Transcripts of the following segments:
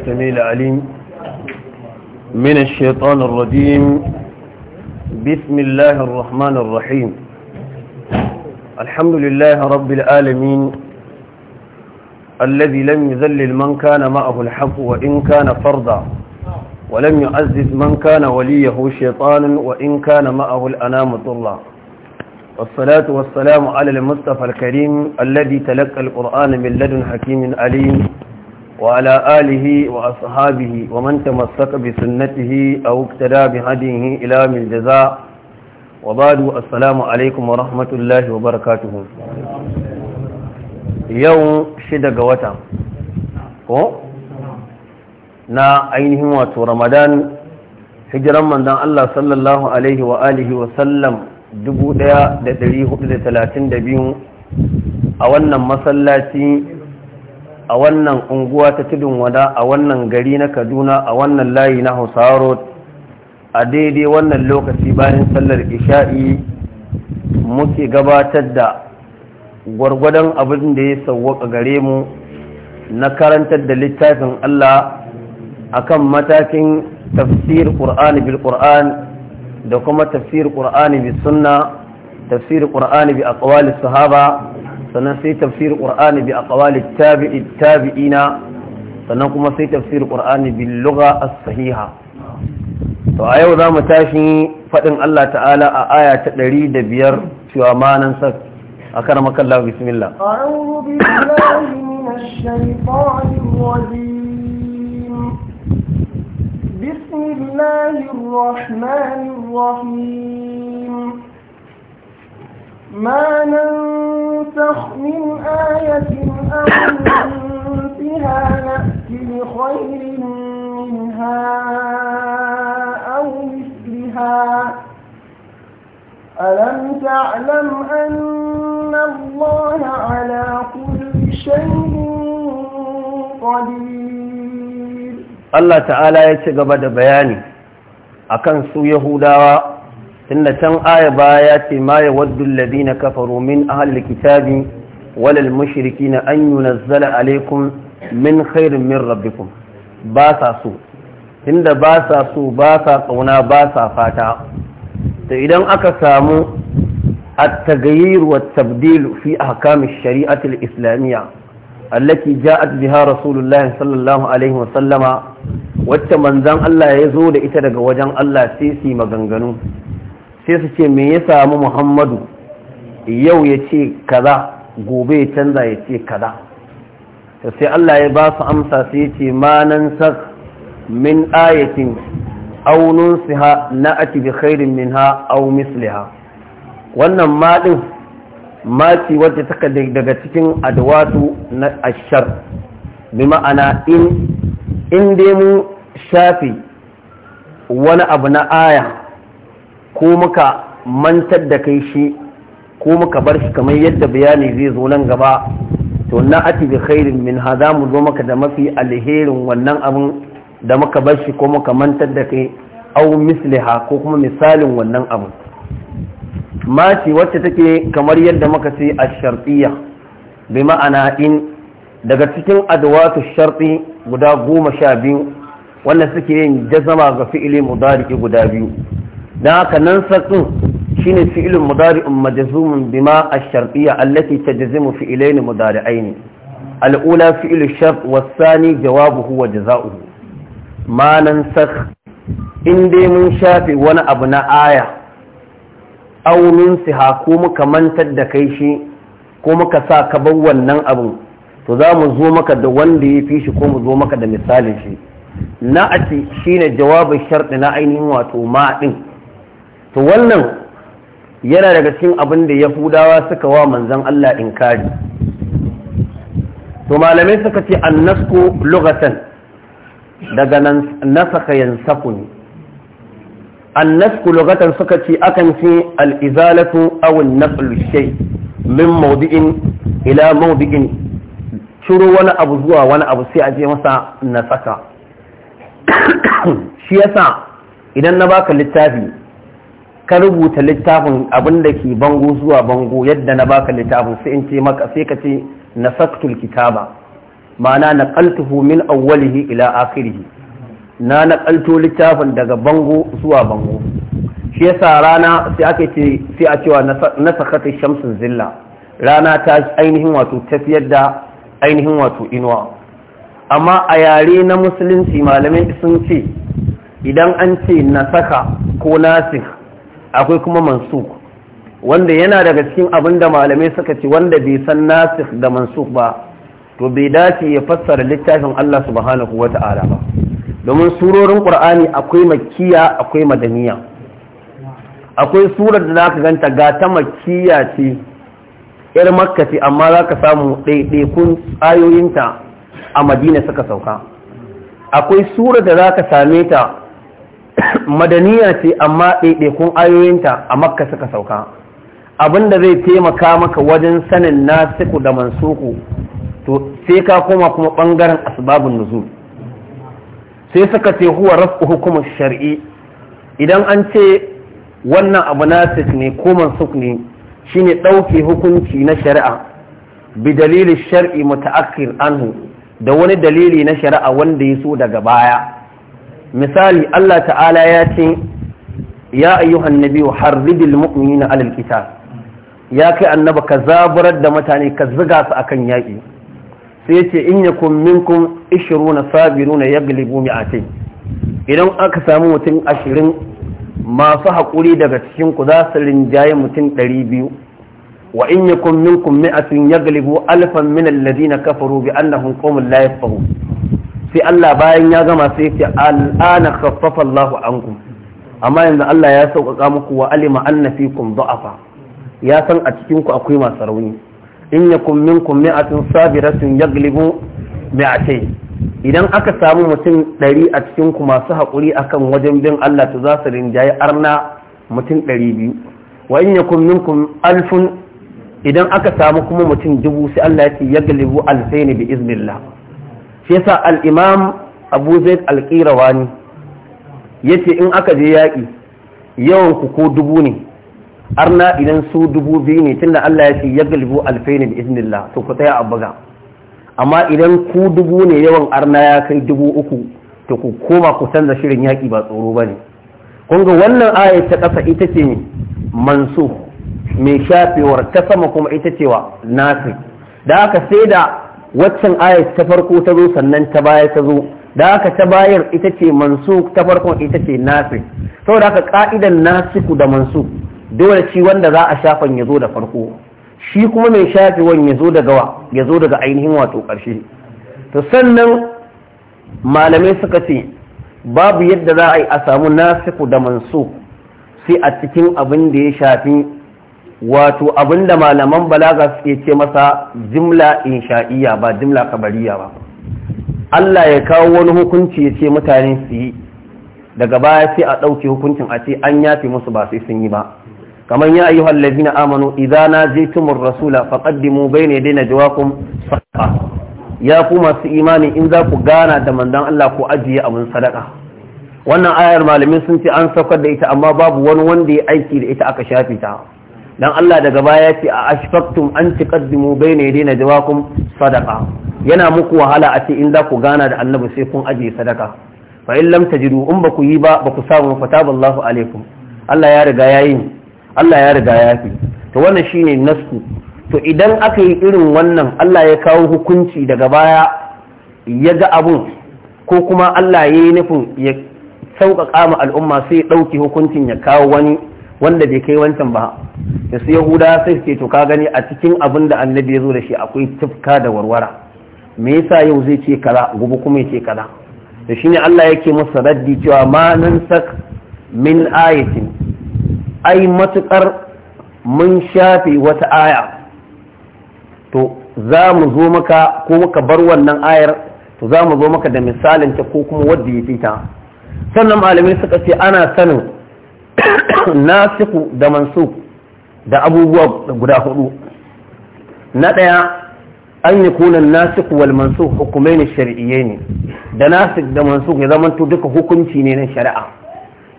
السميع العليم من الشيطان الرجيم بسم الله الرحمن الرحيم الحمد لله رب العالمين الذي لم يذلل من كان معه الحق وإن كان فرضا ولم يعزز من كان وليه شيطانا وإن كان معه الأنام الله والصلاة والسلام على المصطفى الكريم الذي تلقى القرآن من لدن حكيم عليم وعلى آله وأصحابه ومن تمسك بسنته أو اقتدى بهديه إلى من الجزاء وبعد السلام عليكم ورحمة الله وبركاته يوم شدق وتم na ainihin wato ramadan hijiran manzon Allah sallallahu alaihi wa alihi wa sallam 1432 a wannan masallaci a wannan unguwa ta tudun wada a wannan gari na kaduna a wannan layi na Hausawa Road, a daidai wannan lokaci bayan sallar isha'i muke gabatar da gwargwadon abin da ya sauwaka gare mu na karantar da littafin Allah akan matakin tafsir ƙur'ani bil da kuma tafsir ƙur'ani bi sunna tafsir ƙur'ani bi aqwalis sahaba sannan sai tafsir qur'ani bi aqwali tabi'i tabi'ina sannan kuma sai tafsir qur'ani bil lugha as-sahiha to a yau zamu tashi fadin Allah ta'ala a aya ta 105 cewa manan sa akarama kallahu bismillah a'udhu billahi minash shaitanir rajim bismillahir rahmanir rahim ما ننسخ من آية أو ننسها نأتي بخير منها أو مثلها ألم تعلم أن الله على كل شيء قدير الله تعالى يتقبض بياني akan su Yahudawa tun da can aya baya ce ma ya waddu ladi na kafaro min ahal likitabi walal mashiriki na an yi nazzala alaikun min khairin min rabbikum ba so tun da ba so ba sa tsauna fata da idan aka samu a tagayir wa tabdil fi a hakamun shari'atul islamiyya allaki ja biha rasulullahi sallallahu wacce manzan Allah ya zo da ita daga wajen Allah sisi maganganu sai su ce me ya samu muhammadu yau ya ce kaza gobe ya canza ya ce kaza sai Allah ya ba su amsa sai ce ma nan sak min ayatin aunun siha na ati bi khairin min ha au misliha wannan maɗin maci wadda taka daga cikin adawatu na ashar bi ma'ana in dai mu shafi wani abu na aya ko muka mantar da kai shi ko muka bar shi kamar yadda bayani zai zo nan gaba to na ati bi khairin min hada mu zo maka da mafi alherin wannan abun da muka bar shi ko muka mantar da kai au misliha ko kuma misalin wannan abun. maci wacce take kamar yadda muka ce a shartiya bi ma'ana in daga cikin adwatu sharti guda goma sha biyu wannan suke yin jazama ga fi'ili mudariki guda biyu don haka nan satsun shine fi'ilun mudari'un majazumin bima ash-shartiyya allati tajzimu fi'ilayn ne, al-ula fi'lu shart was-thani jawabu wa jazaohu ma nansakh in dai mun shafe wani abu na aya aw nunsiha ko muka mantar da kai shi ko muka sa ka bar wannan abu to za mu zo maka da wanda ya fi shi ko mu zo maka da misalin shi na'ati shine jawabin sharɗi na ainihin wato ma to wannan yana daga cikin abin da yahudawa suka wa manzan Allah inkari to malamai suka ce annasku lugatan daga nan nasaka yansaku An annasku lugatan suka ce akan ce al'izalatu awin naslu shay min maudi'in ila maudi'in ciro wani abu zuwa wani abu sai aje masa nasaka shi yasa idan na baka littafi ka rubuta littafin abin da ke bango zuwa bango yadda na baka littafin sai in ce maka sai ka ce na saktul kitaba ma'ana na kaltuhu min awwalihi ila akhirihi na na kalto littafin daga bango zuwa bango shi yasa rana sai aka ce sai a cewa na sakata shamsun zilla rana ta ainihin wato tafiyar da ainihin wato inuwa amma a yare na musulunci malamai sun ce idan an ce na saka ko nasir akwai kuma mansuk wanda yana daga cikin abin da malamai suka ce wanda bai san nasik da mansuk ba to bai dace ya fassara littafin Allah subhanahu Ta'ala ba domin surorin qur'ani akwai makkiya akwai madaniya akwai surar da zaka ganta ga ta makkiya ce yar makka ce amma zaka samu kun ayoyinta a madina suka sauka akwai surar da zaka same ta madaniya ce amma ɗaiɗaikun ayoyinta a makka suka sauka abinda zai taimaka maka wajen sanin nasiku da mansuku to sai ka koma kuma bangaren asibabin nuzul sai suka ce huwa rasu hukumar shari'i idan an ce wannan abu nasik ne ko mansuk ne shine ɗauke hukunci na shari'a bi dalilin shari'i muta'akkir anhu da wani dalili na shari'a wanda ya so daga baya misali Allah ta'ala ya ce ya ayyuhan nabi wa harridil mu'minina alal qital ya kai annaba ka zaburar da mutane ka ziga su akan yaƙi sai ce in yakum minkum 20 sabiruna yaglibu mi'atain idan aka samu mutum ashirin masu haƙuri daga cikin ku za su rinjaye mutum ɗari biyu wa in yakum minkum mi'atun yaglibu alfan min alladhina kafaru bi annahum qawmun la yafqahun sai Allah bayan ya gama sai ya ce al'ana khaffafa Allahu ankum amma yanzu Allah ya sauƙaƙa muku wa alima anna fikum da'afa ya san a cikin ku akwai masu rauni in yakum minkum mi'atun sabiratun yaglibu mi'atayn idan aka samu mutum ɗari a cikin ku masu haƙuri akan wajen bin Allah to za su rinjaye arna mutum ɗari biyu wa in yakum minkum alfun idan aka samu kuma mutum dubu sai Allah ya ce yaglibu alfaini bi iznillah shi yasa al’imam abu zai zaid al Ya ce in aka je yaƙi yawan ku ko dubu ne arna idan su dubu biyu ne tunda Allah ya ce ya galibu alfaini izinin iznillah to ku tsaya a buga amma idan ku dubu ne yawan arna ya kai dubu uku to ku koma ku canza shirin yaƙi ba tsoro ba ne ga wannan aya ta kasa ita ce mansu mai shafewar ta sama kuma ita cewa nasir da aka sai da waccan ayat ta farko ta zo sannan ta baya ta zo da aka ta bayar ita ce mansuk ta farkon ita ce nasik saboda haka ka'idan nasiku da mansu dole shi wanda za a shafan ya zo da farko shi kuma mai shafewan ya zo daga wa ya zo daga ainihin wato ƙarshe to sannan malamai suka ce babu yadda za a yi a samu nasiku da mansu sai a cikin abin da ya shafi wato abinda malaman balaga suke ce masa jimla insha'iyya ba jimla kabariya ba Allah ya kawo wani hukunci ya ce mutane su yi daga baya sai a ɗauke hukuncin a ce an yafe musu ba sai sun yi ba kamar ya ayyuhal ladina amanu idza najaytumur rasula faqaddimu bayna yaday najwakum sadaqa ya ku masu imani in za ku gana da mandan Allah ko ajiye abin sadaka wannan ayar malamin sun ce an saukar da ita amma babu wani wanda ya aiki da ita aka shafe ta dan Allah daga baya ce a ashfaqtum an ya bayna yaday kun sadaqa yana muku wahala a ce in za ku gana da annabi sai kun aje sadaka fa in lam tajidu in ba ku yi ba ba ku samu fataballahu alaikum Allah ya riga yayin Allah ya riga yafi to wannan shine nasku to idan aka yi irin wannan Allah ya kawo hukunci daga baya ya ga abun ko kuma Allah ya yi nufin ya sauƙaƙa ma al'umma sai ya ɗauki hukuncin ya kawo wani wanda bai kai wancan ba su yahuda sai suke to ka gani a cikin abin da annabi ya zo da shi akwai tufka da warwara me yasa yau zai ce kaza gobe kuma ya ce kaza da shine Allah yake masa raddi cewa ma nan sak min ayatin ai matukar mun shafe wata aya to za mu zo maka ko muka bar wannan ayar to za mu zo maka da misalin ta ko kuma wadda ya fita sannan malamai suka ce ana sanin nasiku da mansu da abubuwa guda hudu na ɗaya an yi kunan nasik wal mansu hukumai ne shari'iyye ne da nasik da mansu ya zamanto duka hukunci ne na shari'a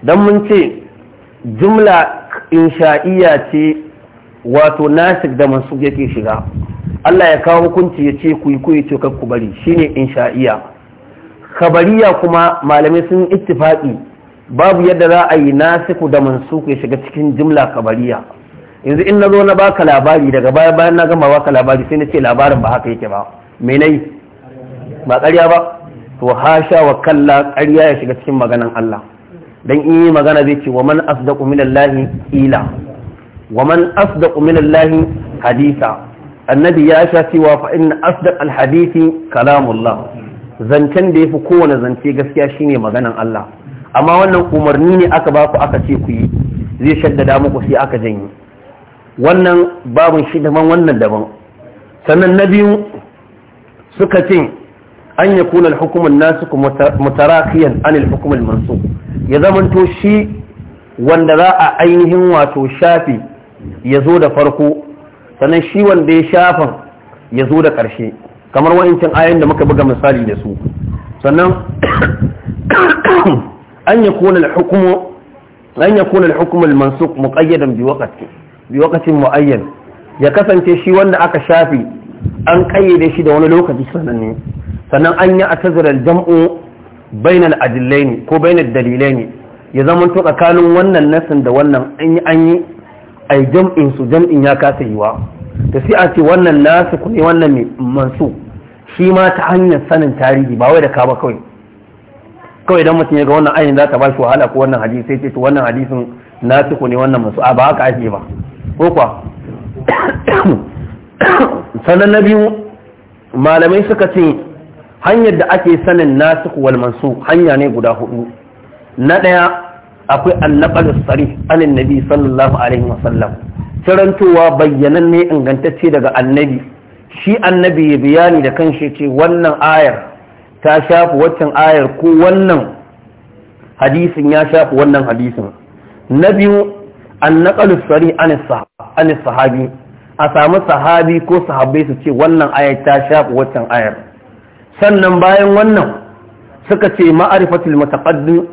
don mun ce jumla insha'iyya ce wato nasik da mansu yake shiga Allah ya kawo hukunci ya ce ku yi ku yi ce ku bari shine insha'iyya khabariya kuma malamai sun ittifaqi babu yadda za a yi nasiku da mansuku ya shiga cikin jimla kabariya yanzu in na zo na baka labari daga baya bayan na gama baka labari sai na ce labarin ba haka yake ba me nayi ba ƙarya ba to hasha wa kalla ƙarya ya shiga cikin maganan Allah dan in yi magana zai ce wa man asdaqu minallahi ila wa man asdaqu minallahi hadisa annabi ya sha cewa fa inna asdaq alhadisi kalamullah zancen da yafi kowane zance gaskiya shine maganan Allah amma wannan umarni ne aka ba ku aka ce ku yi zai shaddada muku sai aka janye wannan babin shi daban wannan daban sannan na biyu suka ce an ya kuna hukumar nasu mutarakiyan anil hukumar mansu ya zamanto shi wanda za a ainihin wato shafi ya zo da farko sannan shi wanda ya shafan ya zo da ƙarshe kamar wa'incin ayan da muka buga misali da su sannan an ya kuna hukumar an muƙayyadan bi bi waqtin muayyan ya kasance shi wanda aka shafi an kayyade shi da wani lokaci sananne sannan an yi atazar jamu bayna al-adillaini ko bayna dalilai ne ya zama to tsakanin wannan nasin da wannan an yi an yi ai jam'in su jam'in ya kasa yiwa da sai a ce wannan nasu ne wannan mansu shi ma ta hanyar sanin tarihi ba wai da ka ba kawai kawai idan mutum ya ga wannan ayin za ta ba shi wahala ko wannan hadisi sai ce to wannan hadisin nasiku ne wannan masu ba haka ake ba ko kwa sanan na biyu malamai suka ce hanyar da ake sanin nasiku wal mansu hanya ne guda hudu na ɗaya akwai annabar sarih anin nabi sallallahu alaihi wasallam tarantowa ne ingantacce daga annabi shi annabi ya bayani da kanshi ce wannan ayar ta shafi waccan ayar ko wannan hadisin ya shafi wannan hadisin na biyu an naƙalu sari anis sahabi a sami sahabi ko sahabai su ce wannan ayar ta shafi waccan ayar sannan bayan wannan suka ce ma'arifatul mutaqaddim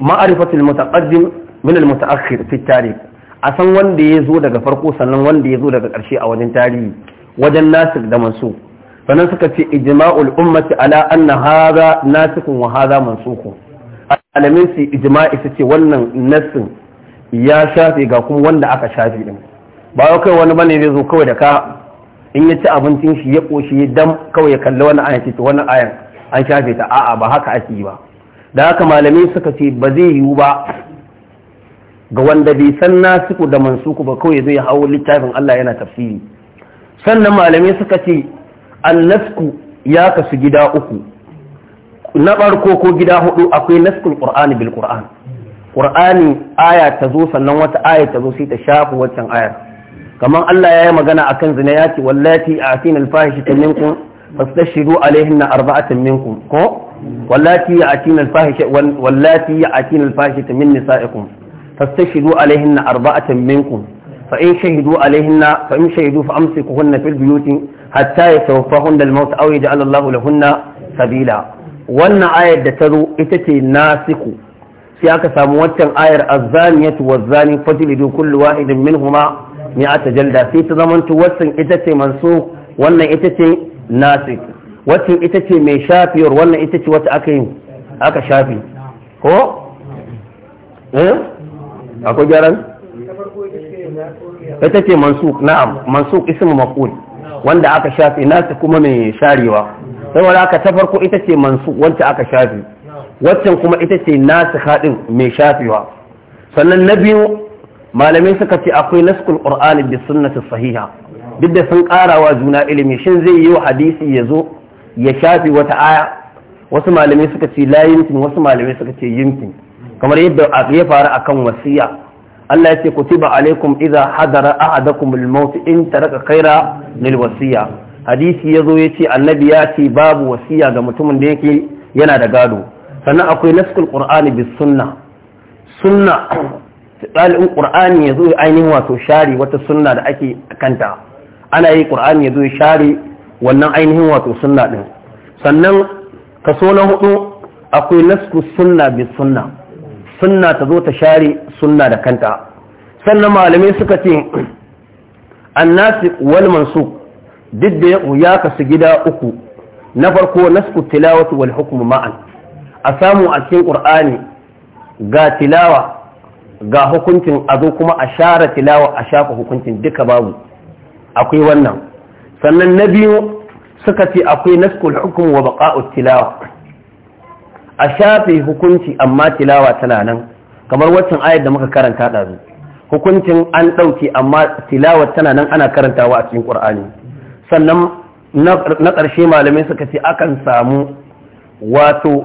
ma'arifatul mutaqaddim min al-mutaakhir fi tarikh a san wanda ya zo daga farko sannan wanda ya zo daga ƙarshe a wajen tarihi wajen nasir da mansur sannan suka ce ijma'ul ummati ala anna hadha nasikun wa hadha mansukun alamin su ijma'i su ce wannan nassin ya shafe ga kuma wanda aka shafe din ba kai wani bane zai zo kawai da ka in ya ci abincin shi ya koshi ya dam kawai ya kalli wannan ayan ce wannan ayan an shafe ta a'a ba haka ake yi ba da haka malamai suka ce ba zai yiwu ba ga wanda bai san nasiku da mansuku ba kawai zai hawo littafin Allah yana tafsiri sannan malamai suka ce annasku ya kasu gida uku na barko ko gida hudu akwai naskul qur'ani bil qur'an qur'ani aya ta zo sannan wata aya ta zo sai ta shafi wancan ayar kamar Allah ya yi magana a akan zina ya ce wallati atina al-fahishata minkum fastashhidu alaihinna arba'atan minkum ko wallati atina al-fahisha wallati atina al-fahishata min nisaikum fastashhidu alaihinna arba'atan minkum فإن شهدوا عليهن فإن شهدوا فأمسكوهن في البيوت حتى يتوفاهن الموت أو يجعل الله لهن سبيلا وأن آية ترو إتتي ناسك سياك ساموات آية الزانية والزاني فجلدوا كل واحد منهما مئة جلدة في تضمن توسن إتتي منسوخ وأن إتتي ناسك wacce ita ce mai shafiyar wannan ita ce wata aka yi aka shafi ko? eh? akwai gyaran? ita ce mansuk na'am mansuk ismu maf'ul wanda aka shafe nasu kuma mai sharewa saboda aka ta farko ita ce mansuk wacce aka shafi waccan kuma ita ce nasu hadin mai shafewa sannan na biyu malamai suka ce akwai naskul qur'ani bi sunnati sahiha duk da sun karawa juna ilimi shin zai yi wa hadisi ya zo ya shafi wata aya wasu malamai suka ce la yimkin wasu malamai suka ce yimkin kamar yadda ya faru akan wasiya Allah ya ce kutiba alaikum idza hadara ahadakum al-maut in taraka khaira lil wasiya hadisi yazo yace annabi ya ce babu wasiya ga mutumin da yake yana da gado sannan akwai naskul qur'ani bis sunna sunna ɗalibin qur'ani yazo ya ainihin wato share wata sunna da ake kanta ana yi qur'ani yazo ya share wannan ainihin wato sunna din sannan kaso na hudu akwai nasku sunna bis sunna sunna ta zo ta share sunna da kanta sannan malamai suka ce annasi wal mansuk duk da ya kasu gida uku na farko nasku tilawatu wal hukmu ma'an a samu a cikin qur'ani ga tilawa ga hukuncin a zo kuma a share tilawa a shafa hukuncin duka babu akwai wannan sannan na biyu suka ce akwai naskul hukum wa baqa'ut tilawa a shafe hukunci amma tilawa tana nan kamar waccan ayar da muka karanta ɗazu hukuncin an ɗauke amma tilawa tana nan ana karantawa a cikin ƙur'ani sannan na ƙarshe malamai suka ce akan samu wato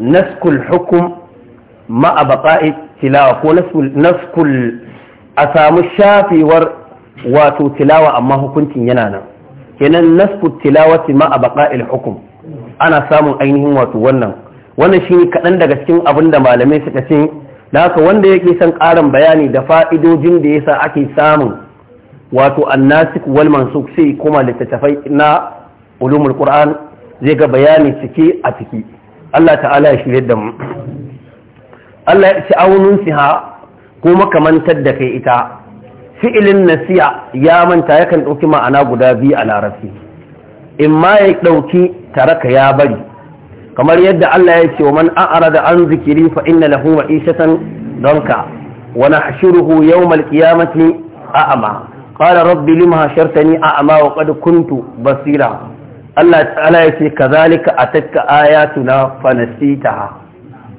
naskul hukum ma'a baƙa'i tilawa ko naskul a samu shafewar wato tilawa amma hukuncin yana nan kenan naskul tilawati ma'a hukum ana samun ainihin wato wannan wannan shi ne kaɗan daga cikin abin da malamai suka ce da haka wanda yake son ƙarin bayani da fa'idojin da ya yasa ake samun wato annasik wal mansuk sai kuma littattafai na ulumul qur'an zai ga bayani cike a ciki Allah ta'ala ya shirye da mu Allah ya ci aunun siha ko makamantar da kai ita fi'ilin nasiya ya manta yakan ɗauki ma'ana guda biyu a larabci in ma ya ɗauki taraka ya bari kamar yadda Allah ya ce wa man a'rada an zikiri fa inna lahu ma'ishatan danka wa nahshuruhu yawmal qiyamati a'ama qala rabbi lima hashartani a'ama wa qad kuntu basira Allah ta'ala ya ce kazalika atatka ayatuna fa nasitaha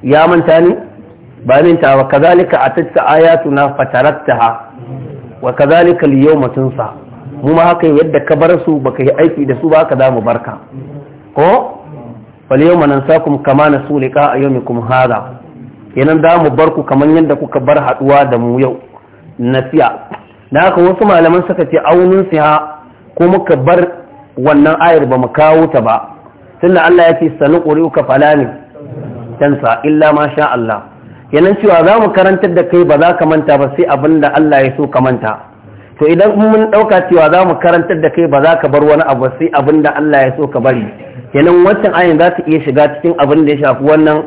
ya manta ni ba ta ba kazalika atatka ayatuna fa tarattaha wa kazalika al tunsa mu ma haka yadda ka bar su baka yi aiki da su ba ka za mu barka ko na yawma nansakum kama yau liqa kuma hadha kenan da mu barku kamar yadda kuka bar haduwa da mu yau nasiya da haka wasu malaman suka ce aunin siha ko muka bar wannan ayar ba mu kawo ta ba tunda Allah ya ce sanu ka fala ne tansa illa ma sha Allah kenan cewa za mu karantar da kai ba za ka manta ba sai abin da Allah ya so ka manta to idan mun ɗauka cewa za mu karantar da kai ba za ka bar wani abu sai abin da Allah ya so ka bari kenan wancan ayin za ta iya shiga cikin abin da ya shafi wannan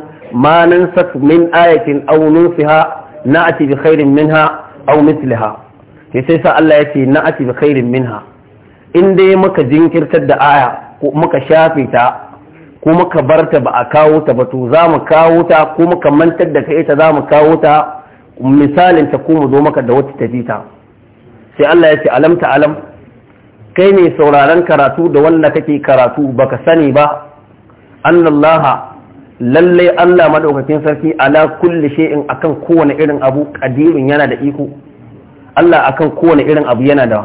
manan sat min ayatin aw nusiha na'ati bi khairin minha aw mithliha ke sai sa Allah yace na'ati bi khairin minha in dai muka jinkirtar da aya ko muka shafe ta ko muka barta ba a kawo ta ba to za mu kawo ta ko muka mantar da kai ta za mu kawo ta misalin ta ko mu zo maka da wata tafita ta sai Allah yace alam ta alam kai ne sauraron karatu da wanda kake karatu baka sani ba annallaha lalle Allah madaukakin sarki ala kulli shay'in akan kowane irin abu qadirun yana da iko Allah akan kowane irin abu yana da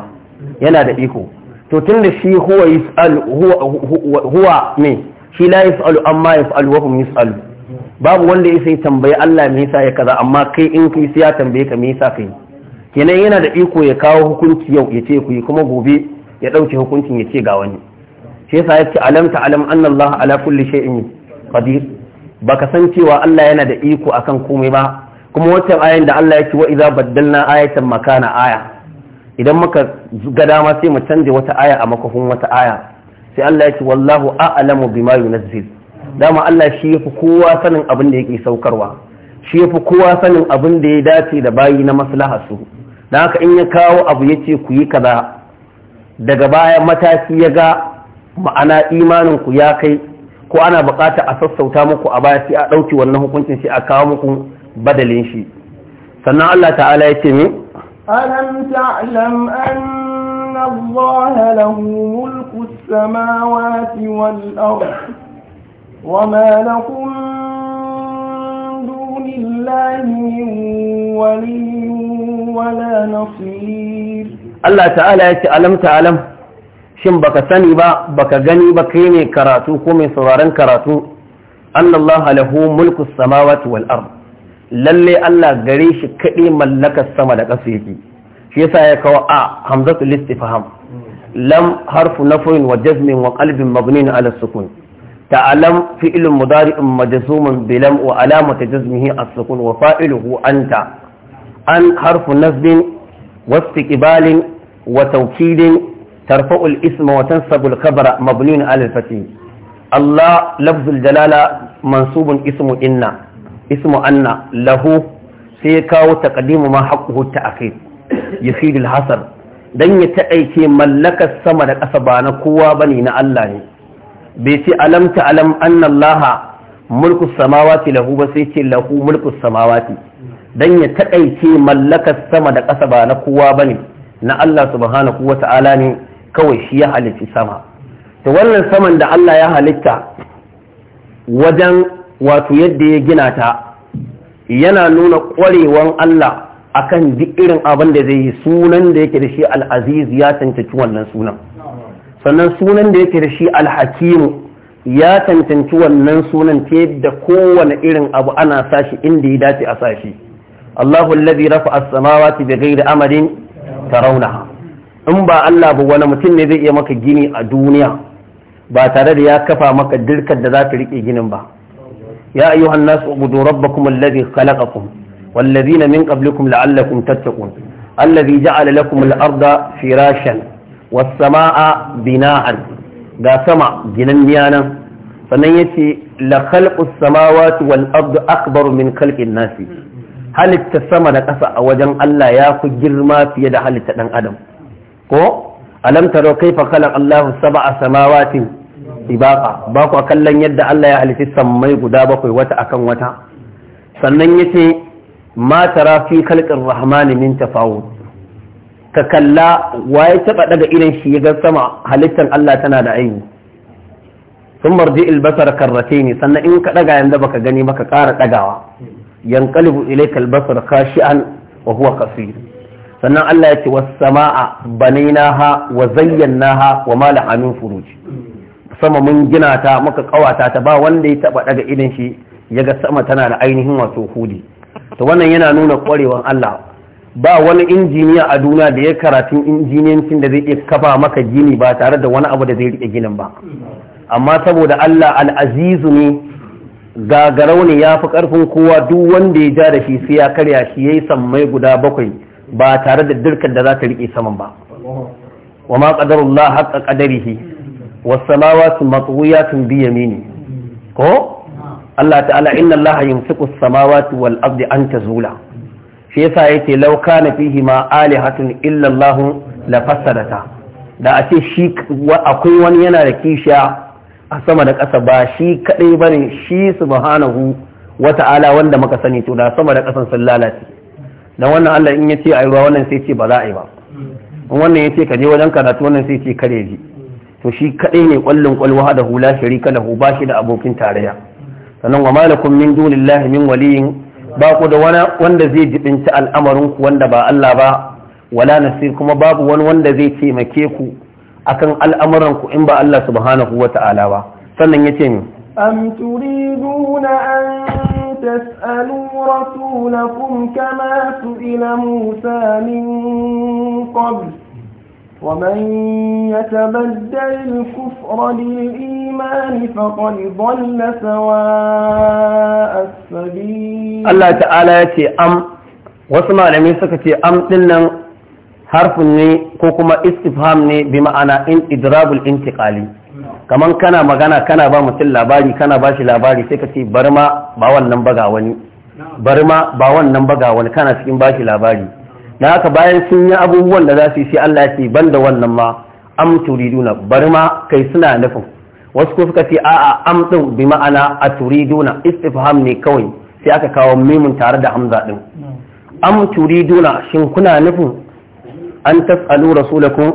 yana da iko to tunda shi huwa yas'al huwa huwa ne, shi la yas'alu amma yas'alu wa hum yas'alu babu wanda ya sai tambayi Allah me yasa ya kaza amma kai in kai sai ya tambaye ka me yasa kai kenan yana da iko ya kawo hukunci yau ya ce ku yi kuma gobe ya ɗauke hukuncin ya ce ga wani shi yasa ya ce alam ta alam anna Allah ala kulli shay'in qadir baka san cewa Allah yana da iko a kan komai ba kuma wata ayan da Allah ya ce wa idza baddalna ayatan na aya idan muka ga dama sai mu canje wata aya a makafin wata aya sai Allah ya ce wallahu a'lamu bima yunazzil dama Allah shi yafi kowa sanin abin da yake saukarwa shi yafi kowa sanin abin da ya dace da bayi na maslaha su dan haka in ya kawo abu ya ce ku yi kaza daga baya mataki ya ga ma'ana imanin ku ya kai ko ana bukata a sassauta muku a baya sai a ɗauki wannan hukuncin sai a kawo muku badalin shi sannan Allah ta'ala ya ce ne alam ta'lam anna Allah lahu mulku samawati wal ard Wa ma lakum دون الله من wala Allah ta'ala ya ce alam ta'alam shin baka sani ba baka gani ba kai ne karatu ko mai sauraron karatu annallaha lahu mulku samawati wal ard lalle Allah gare shi kadai mallakar sama da ƙasa yake shi yasa ya kawo a hamzatu listifham lam harfu nafin wa jazmin wa qalbin mabnin ala sukun ta'alam fi'lun mudari'un majzumun bilam lam wa alamatu jazmihi as-sukun wa fa'iluhu anta an harfu nasbin واستقبال وتوكيد ترفع الاسم وتنسب الخبر مبني على الفتح الله لفظ الجلالة منصوب اسم إن اسم أن له سيكاو تقديم ما حقه التأخير يفيد الحصر dan ya ta'aike mallakar sama da ƙasa ba na kowa ne na Allah ne bai ce alam ta alam annallaha mulku samawati lahu ba sai ce lahu mulku samawati dan ya ta'aike mallakar sama da ƙasa ba na kowa bane na Allah subhanahu wa ta'ala ne kawai shi ya halitta sama da wannan saman da Allah ya halitta wajen wato yadda ya gina ta yana nuna ƙwarewan Allah akan duk irin abin da zai yi sunan da yake da shi al'aziz ya tantanci wannan sunan sannan sunan da yake da shi alhakimu ya tantanci wannan sunan ta yadda kowane irin abu ana sashi inda ya dace a sashi Allahu alladhi rafa as-samawati bighairi amadin tarawna in ba Allah ba wani mutum ne zai iya maka gini a duniya ba tare da ya kafa maka dirkar da za ta rike ginin ba ya ayyuhan nasu ubudu rabbakum alladhi khalaqakum والذين من قبلكم لعلكم تتقون الذي جعل لكم الأرض فراشا والسماء بناء ga sama biya nan sannan yace la khalqus samawati wal abdu akbaru min khalqin nasi halitta sama da ƙasa a wajen Allah ya fi girma fiye da halitta ɗan adam ko alam taro fa khalaq Allahu sab'a samawatin ibaqa ba ku kallon yadda Allah ya halitta sammai guda bakwai wata akan wata sannan ya ma tara fi khalqir rahman min ka kalla ya taɓa daga irin shi ga sama halittar Allah tana da aibu sun marji karrate ne, sannan in ka ɗaga yanzu baka gani baka ƙara ɗagawa. yanqalibu ilayka al-basar khashi'an wa huwa qasir sannan Allah ya ce was samaa banainaha wa naha wa ma laha min furuj sama mun gina ta muka kawata ta ba wanda ya taba daga idan shi yaga sama tana da ainihin wato hudi to wannan yana nuna kwarewan Allah ba wani injiniya a duniya da ya karatun injiniyancin da zai iya kafa maka gini ba tare da wani abu da zai rike ginin ba amma saboda Allah al'azizu ne gagarau ne ya fi ƙarfin kowa duk wanda ya ja da shi sai ya karya shi ya yi sammai guda bakwai ba tare da dirkar da za ta riƙe saman ba wa ma ƙadarullah haƙa ƙadarihi wasamawa su matsuya tun biya mini ko Allah ta'ala inna Allah yumsiku samawati wal ardi an tazula shi yasa yace law kana fihi ma alihatun illa Allah la fasadata da a ce shi akwai wani yana da kishiya a sama da ƙasa ba shi kaɗai ba ne shi subhanahu wata'ala wanda muka sani to da sama da ƙasan sun lalace dan wannan Allah in yace ayi ruwa wannan sai ce ba za a yi ba in wannan yace ka je wajen karatu wannan sai ce kare ji to shi kaɗai ne kwallon ƙwalwa da hula sharika lahu ba shi da abokin tarayya sannan wa malakum min dunillahi min waliyin ba ku da wani wanda zai jibinci al'amarin ku wanda ba Allah ba wala nasir kuma babu wani wanda zai taimake ku akan al'amuran ku in ba Allah subhanahu ta'ala ba sannan yace min am turiduna an تسألوا رسولكم كما سئل موسى من قبل ومن يتبدل الكفر للإيمان فقد ضل سواء السبيل الله تعالى يتي أم wasu malamai suka ce am ɗinnan harfin ne ko kuma istifham ne bi ma'ana in idrabul intiqali kaman kana magana kana ba mutum labari kana ba shi labari sai ka ce bar ma ba wannan baga wani bari ma ba wannan baga wani kana cikin ba shi labari da haka bayan sun yi abubuwan da za su yi sai Allah ya ban banda wannan ma am turiduna bari ma kai suna nufin wasu ko suka ce a'a am din bi ma'ana a turiduna istifham ne kawai sai aka kawo mimun tare da hamza din am turiduna shin kuna nufin an tas'alu rasulakum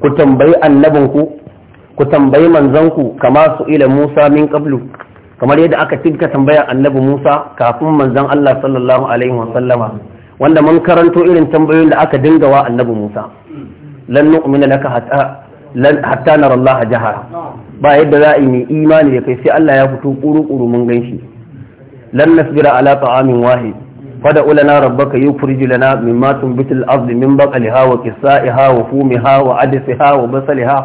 ku tambayi annabinku ku tambayi manzanku kama su ila Musa min qablu kamar yadda aka tilka tambaya annabi Musa kafin manzan Allah sallallahu alaihi wasallama wanda mun karanto irin tambayoyin da aka dinga wa annabi Musa lan nu'mina laka hatta lan hatta nara Allah jahara ba yadda za a yi imani da kai sai Allah ya fito kuru kuru mun ganshi lan nasbira ala ta'amin wahid fada ulana rabbaka yukhriju lana mimma tunbitul ardi min baqliha wa qisaiha wa fumiha wa adasiha wa basaliha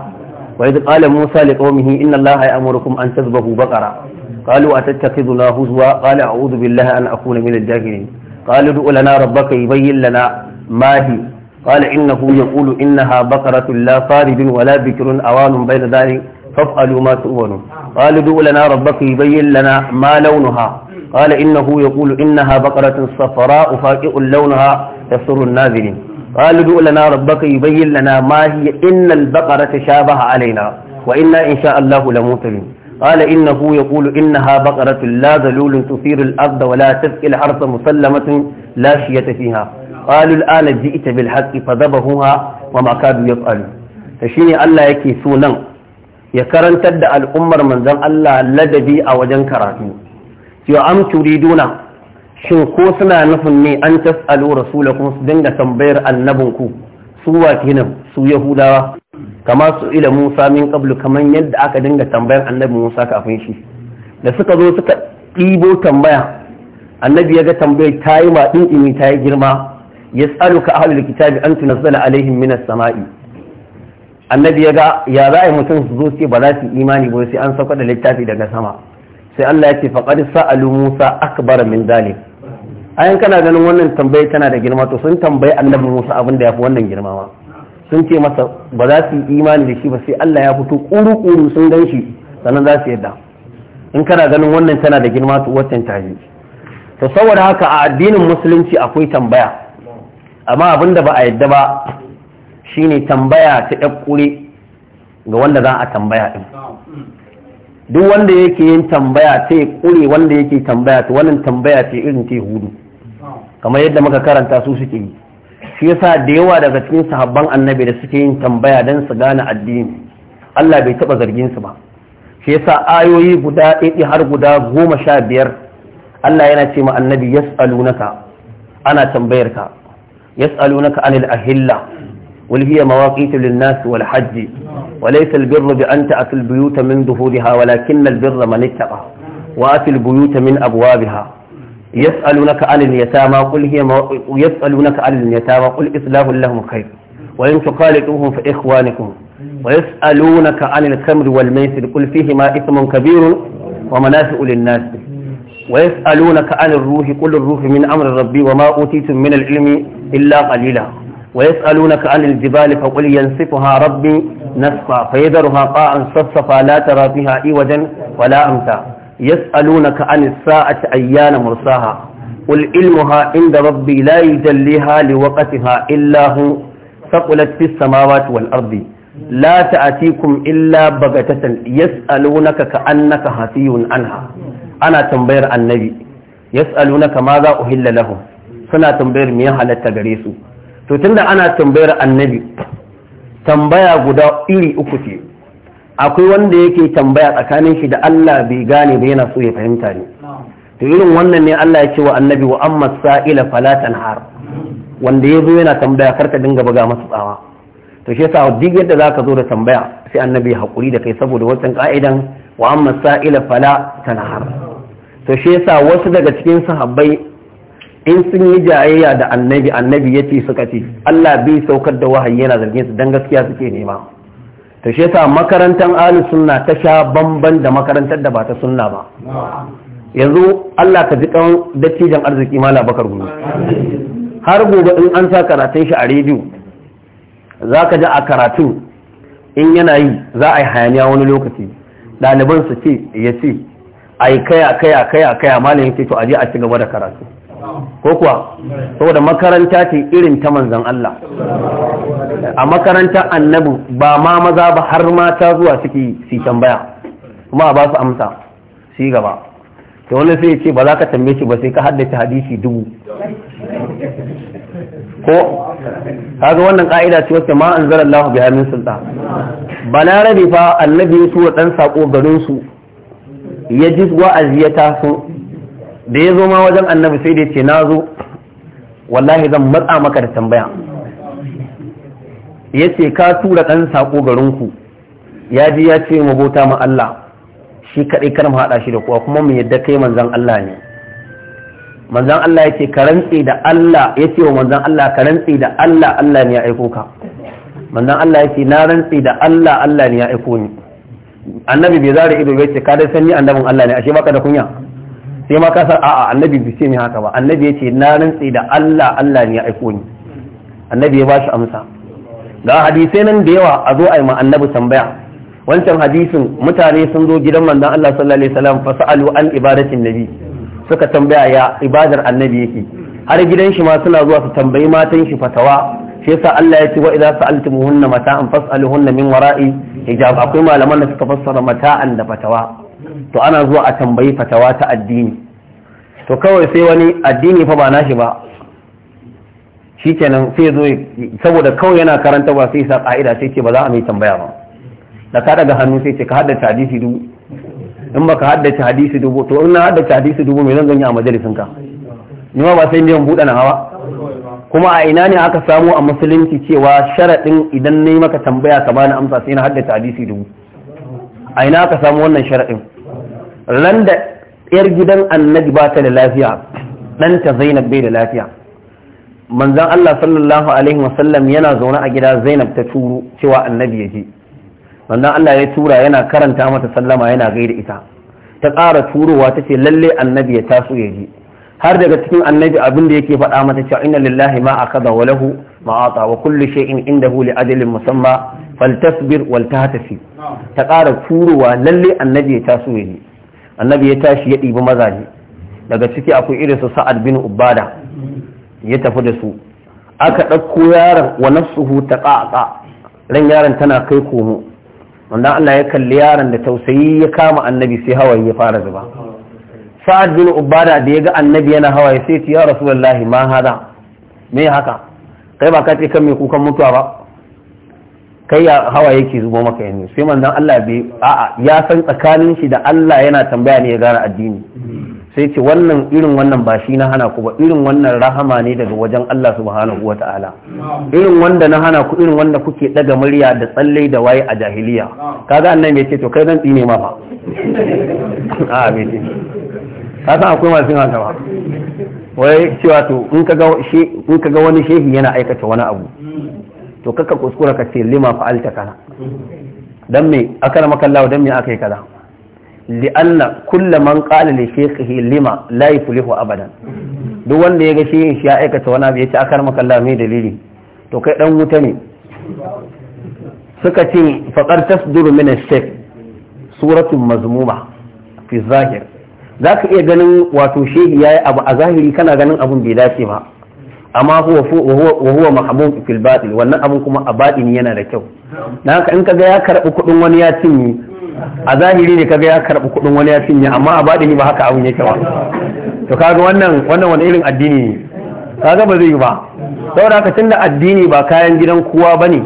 wa idh qala musa liqaumihi ya allaha ya'murukum an tadhbahu baqara qalu atattakhiduna huzwa qala a'udhu billahi an akuna min al-jahilin qalu du lana rabbaka yubayyin lana ma hi qala innahu yaqulu innaha baqaratun la faridun wa la bikrun awanun bayna dhalika فافعلوا ما تؤمنون قالوا ادعوا لنا ربك يبين لنا ما لونها قال إنه يقول إنها بقرة صفراء فاقع لونها يسر الناذرين قالوا ادعوا لنا ربك يبين لنا ما هي إن البقرة شابه علينا وإنا إن شاء الله لموتلين قال إنه يقول إنها بقرة لا ذلول تثير الأرض ولا تسقي الحرث مسلمة لا شية فيها قالوا الآن جئت بالحق فذبحوها وما كادوا يفعلون فشيني الله يكي سونا ya karantar da al'ummar manzon Allah ladabi a wajen karatu yau am turiduna shin ko suna nufin ne an tas'alu kuma su dinga tambayar annabinku su wakinan su yahudawa kama su ila Musa min kablu kamar yadda aka dinga tambayar annabi Musa kafin shi da suka zo suka ɗibo tambaya annabi ya ga tambayar ta yi ma ɗin ta yi girma yas'aluka ahlul kitabi an tunazzala alaihim minas sama'i annabi ya ga ya za a mutum su zo ce ba za su imani ba sai an sauka da littafi daga sama sai Allah ya ce faqad sa'alu Musa akbar min zalim ayan kana ganin wannan tambayi tana da girma to sun tambayi annabi Musa abin da ya fi wannan girma ma sun ce masa ba za su yi imani da shi ba sai Allah ya fito kuru-kuru sun gan shi sannan za su yadda in kana ganin wannan tana da girma to waccan ta to saboda haka a addinin musulunci akwai tambaya amma abin da ba a yadda ba shine tambaya ta ɗakkure ga wanda za a tambaya ɗin duk wanda yake yin tambaya ta ƙure wanda yake tambaya ta wannan tambaya ce irin ta hudu kamar yadda muka karanta su suke yi shi yasa da yawa daga cikin sahabban annabi da suke yin tambaya don su gane addini Allah bai taɓa zargin su ba shi yasa ayoyi guda ɗaya har guda goma sha biyar Allah yana ce ma annabi yas'alunaka ana tambayar ka yas'alunaka anil ahilla واللي هي مواقيت للناس والحج وليس البر بأن تأتي البيوت من ظهورها ولكن البر من اتقى وآتي البيوت من أبوابها يسألونك عن اليتامى قل هي مو... يسألونك عن اليتامى قل إصلاح لهم خير وإن تخالطوهم فإخوانكم ويسألونك عن الخمر والميسر قل فيهما إثم كبير ومنافع للناس ويسألونك عن الروح قل الروح من أمر ربي وما أوتيتم من العلم إلا قليلا ويسألونك عن الجبال فقل ينسفها ربي نسفا فيذرها قاعا صفصفا لا ترى فيها عوجا ولا أمتا يسألونك عن الساعة أيان مرساها قل علمها عند ربي لا يجليها لوقتها إلا هو ثقلت في السماوات والأرض لا تأتيكم إلا بغتة يسألونك كأنك حفي عنها أنا تنبير النبي يسألونك ماذا أهل لهم سنة تنبير مياه للتقريسو to tunda ana tambayar annabi tambaya guda iri uku ce akwai wanda yake tambaya tsakanin shi da Allah bai gane ba yana so ya fahimta ne to irin wannan ne Allah ya ce wa annabi wa amma sa'ila fala tanhar wanda ya zo yana tambaya karka dinga buga masa tsawa to shi yasa duk yadda zaka zo da tambaya sai annabi hakuri da kai saboda wancan ka'idan wa amma sa'ila fala tanhar to shi yasa wasu daga cikin sahabbai in sun yi jayayya da annabi annabi ya ce suka ce Allah bai saukar da wahayi yana zargin su dan gaskiya suke nema ta shi yasa makarantar ahlus sunna ta sha bamban da makarantar da ba ta sunna ba yanzu Allah ka ji kan dattijan arziki mala bakar gudu har gobe in an sa karatun shi a rediyo za ka ji a karatun in yana yi za a yi hayaniya wani lokaci ɗaliban su ce ya ce a yi kaya kaya kaya kaya malam ya ce to aje a ci gaba da karatu ko kuwa saboda makaranta ce irin ta manzan Allah a makaranta annabi ba ma maza ba har mata zuwa suke su tambaya kuma ba su amsa su gaba to wani sai ce ba za ka tambaye shi ba sai ka haddace hadisi dubu ko kaga wannan ka'ida ce wacce ma anzala Allah bi hamin sultan rabi fa annabi su dan sako garin su ya ji wa'azi ya taso da ya zo ma wajen annabi sai da ya ce na zo wallahi zan matsa maka da tambaya ya ce ka tura ɗan saƙo garinku ya ji ya ce mabota ma Allah shi kaɗai kar mu haɗa shi da kuwa kuma mu yadda kai manzan Allah ne manzan Allah ya ce ka rantse da Allah ya ce wa manzan Allah ka rantse da Allah Allah ne ya aiko ka manzan Allah ya ce na rantse da Allah Allah ne ya aiko ni annabi bai zara ido ya ce ka dai san ni annabin Allah ne ashe baka da kunya sai ma ka san a'a annabi bai ce mai haka ba annabi ya ce na rantse da Allah Allah ne ya aiko ni annabi ya bashi amsa ga hadisai nan da yawa a zo a yi ma annabi tambaya wancan hadisin mutane sun zo gidan manzon Allah sallallahu alaihi wasallam fasalu an ibadatin nabi suka tambaya ya ibadar annabi yake har gidan shi ma suna zuwa su tambayi matan shi fatawa shi yasa Allah ya ce wa idza sa'altumuhunna mata'an fas'aluhunna min wara'i hijab akwai malaman da suka fassara mata'an da fatawa to ana zuwa a tambayi fatawa ta addini to kawai sai wani addini fa ba nashi ba shikenan sai zo saboda kawai yana karanta ba sai sa ka'ida sai ce ba za a mai tambaya ba da ka daga hannu sai ce ka haddace hadisi dubu in ba ka haddace hadisi dubu to in na haddace hadisi dubu me zan yi a majalisin ka ni ma ba sai biyan buɗe na hawa kuma a ina ne aka samu a musulunci cewa sharaɗin idan na yi maka tambaya ka bani amsa sai na haddace hadisi dubu a ina aka samu wannan sharaɗin ran da yar gidan annabi ba ta da lafiya danta zainab bai da lafiya manzan Allah sallallahu alaihi wasallam yana zaune a gida zainab ta turo cewa annabi ya je manzan Allah ya tura yana karanta mata sallama yana gaida ita ta ƙara turowa ta ce lalle annabi ya taso ya je har daga cikin annabi abin da yake faɗa mata cewa inna lillahi ma akada wa lahu ma ata wa kullu shay'in indahu li ajalin musamma faltasbir wal tahtasi ta ƙara furowa lalle annabi ya taso ne annabi ya tashi ya ɗibi mazaje daga ciki akwai irin su sa'ad bin ubada ya tafi da su aka ɗauko yaron wa nafsuhu ta ƙaƙa ran yaron tana kai komo wanda Allah ya kalli yaron da tausayi ya kama annabi sai hawaye ya fara zuba sa'ad bin ubada da ya ga annabi yana hawaye sai ya rasulullahi ma hada me haka kai ba ka ce kan me kukan mutuwa ba kai ya hawa yake zubo maka yanzu sai manzon Allah bai a'a ya san tsakanin shi da Allah yana tambaya ne ya gane addini sai ce wannan irin wannan ba shi na hana ku ba irin wannan rahama ne daga wajen Allah subhanahu wa ta'ala irin wanda na hana ku irin wanda kuke daga murya da tsalle da waye a jahiliya kaga annabi ya ce to kai zan tsine ma fa a bai ce ka san akwai masu haka ba wai cewa to in kaga wani shehi yana aikata wani abu to kakka kuskura ka ce lima fa'alta kaza dan me akar makallawa dan me akai kaza anna kullu man qala li shaykhihi lima la yuflihu abadan duk wanda ya ga shi ya aikata wani abu ya ce akar makallawa me dalili to kai dan wuta ne suka ce fakar tasduru min shek suratun mazmuma fi zahir za iya ganin wato shehi yayi yi abu a zahiri kana ganin abun bai dace ba amma huwa mahabub fil batil wannan abun kuma a batini yana da kyau dan haka in kaga ya karbi kudin wani ya cinye a zahiri ne kaga ya karbi kudin wani ya cinye amma a batini ba haka abun yake ba to kaga wannan wannan wani irin addini ne kaga ba zai yi ba saboda haka tunda addini ba kayan gidan kowa bane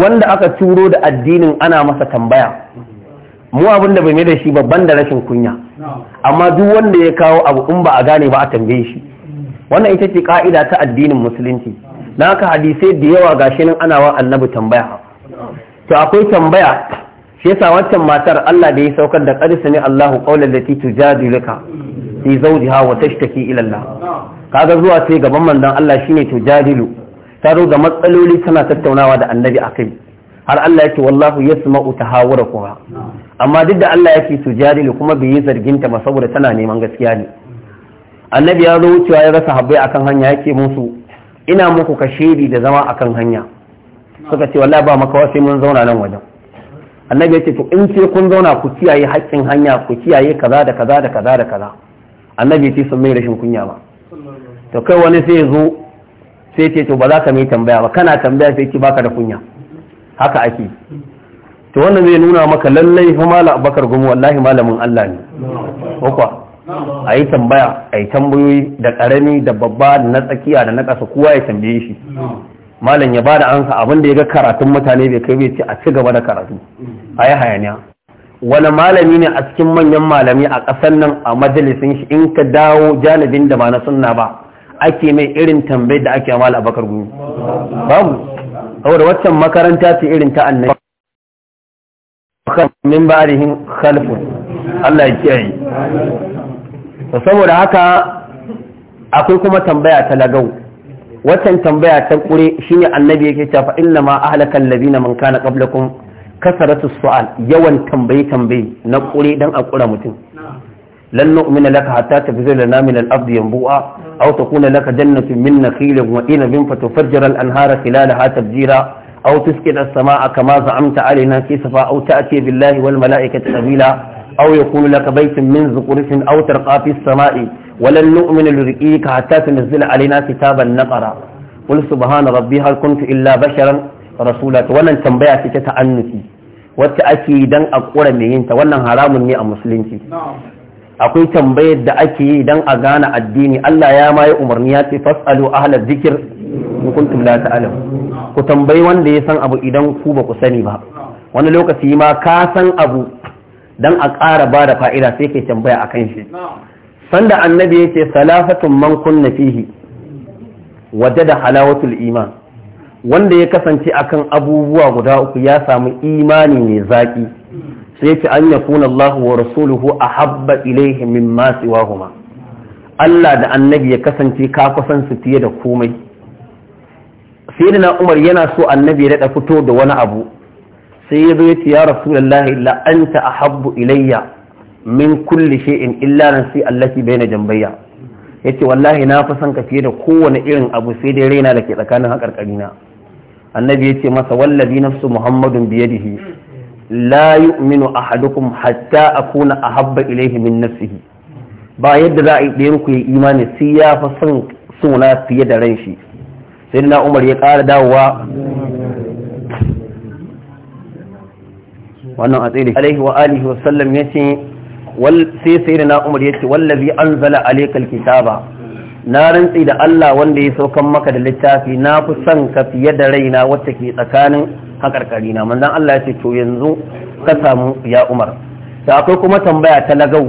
wanda aka turo da addinin ana masa tambaya mu abin da bai mai da shi babban da rashin kunya amma duk wanda ya kawo abu in ba a gane ba a tambaye shi wannan ita ce ka'ida ta addinin musulunci na haka hadisai da yawa gashi nan ana wa annabi tambaya to akwai tambaya shi yasa wancan matar Allah da ya saukar da qarisa ne Allahu qawlan lati tujadiluka fi zawjiha wa tashtaki ila Allah kaga zuwa sai gaban mandan Allah shine tujadilu ta zo da matsaloli tana tattaunawa da annabi akai har Allah yake wallahu yasma'u tahawurakum amma duk da Allah yake tujadilu kuma bai yi zarginta ba saboda tana neman gaskiya ne annabi ya zo wucewa ya rasa habbai akan hanya yake musu ina muku kashiri da zama akan hanya suka ce wallahi ba makawa sai mun zauna nan wajen annabi ya ce to in ce kun zauna ku kiyaye haƙƙin hanya ku kiyaye kaza da kaza da kaza da kaza annabi ya ce sun mai rashin kunya ba to kai wani sai ya zo sai ce to ba za ka mai tambaya ba kana tambaya sai ki baka da kunya haka ake to wannan zai nuna maka lallai fa mala abakar gumu wallahi malamin Allah ne ko a yi tambaya a yi tambayoyi da ƙarami da babba da na tsakiya da na ƙasa kowa ya tambaye shi malam ya bada ansa abin da ya ga karatun mutane bai kai bai ce a ci gaba da karatu a yi hayaniya wani malami ne a cikin manyan malami a ƙasar nan a majalisin shi in ka dawo janibin da ba na sunna ba ake mai irin tambayar da ake mala abakar gumi babu saboda waccan makaranta ce irin ta annabi min ba'dihin khalifun Allah ya kiyaye to saboda haka akwai kuma tambaya ta lagau watan tambaya ta kure shine annabi yake ta fa inna ma ahlakal ladina man kana qablakum kasaratu su'al yawan tambaye tambaye na kure dan a kura mutum lan nu'mina laka hatta tabzila lana min al-ardi yanbu'a aw takuna laka jannatun min nakhilin wa inabin fatufarjira al-anhara khilalaha tabjira aw tusqita as-samaa'a kama za'amta alaina kisafa aw ta'ti billahi wal mala'ikati sabila أو يكون لك بيت من زقرف أو ترقى في السماء ولن نؤمن لرقيك حتى تنزل علينا كتابا نقرا قل سبحان ربي هل كنت إلا بشرا رسولا wannan tambaya ce ta ta'annuki wacce ake yi dan a kura mai yinta wannan haramun ne a musulunci akwai tambayar da ake yi dan a gane addini Allah ya maye umarni ya ce fasalu ahla zikir in kuntum la ta'lam ku tambayi wanda ya san abu idan ku ba ku sani ba wani lokaci ma ka san abu dan a ƙara ba da fa'ida sai ke tambaya a kan shi sanda annabi ya ce salafatun man kunna fihi Waje da halawatul iman wanda ya kasance akan abubuwa guda uku ya samu imani mai zaƙi sai ce an yakuna Allah wa rasuluhu ahabba ilaihi mimma siwahuma Allah da annabi ya kasance ka kusan su fiye da komai na Umar yana so annabi ya daɗa fito da wani abu sai ya zo ya ce ya rasulullahi la anta ahabbu ilayya min kulli shay'in illa nasi allati baina jambayya yace wallahi na fi son ka fiye da kowane irin abu sai dai raina da ke tsakanin na annabi yace masa wallazi nafsu muhammadun biyadihi la yu'minu ahadukum hatta akuna ahabba ilayhi min nafsihi ba yadda za a yi ɗayan ku yi imani sai ya fi son suna fiye da ran shi sai na umar ya ƙara dawowa wannan a alaihi wa alihi wa sallam yace wal sai sayyidina umar yace wallazi anzala alaykal kitaba na rantsi da Allah wanda ya saukan maka da littafi na fi son ka fiye da raina wacce ke tsakanin hakarkari na manzon Allah ya ce to yanzu ka samu ya umar da akwai kuma tambaya ta lagau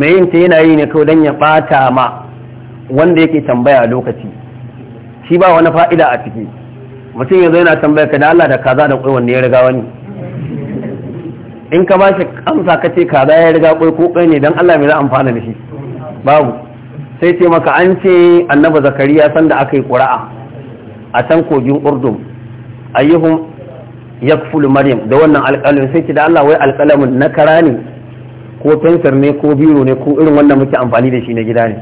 mai yin ta yana yi ne kawai dan ya bata ma wanda yake tambaya lokaci shi ba wani fa'ida a ciki mutum yanzu yana tambaya ka da Allah da kaza da kwai wanda ya riga wani in ka ba shi amsa ka ce kaza ya riga kwai ko kai ne dan Allah mai za amfana da shi babu sai ce maka an ce annabi zakariya sanda aka yi qura'a a can kogin urdum ayyuhum yakful maryam da wannan alƙalamin sai ce da Allah wai alƙalamin na kara ne ko fensir ne ko biro ne ko irin wannan muke amfani da shi na gida ne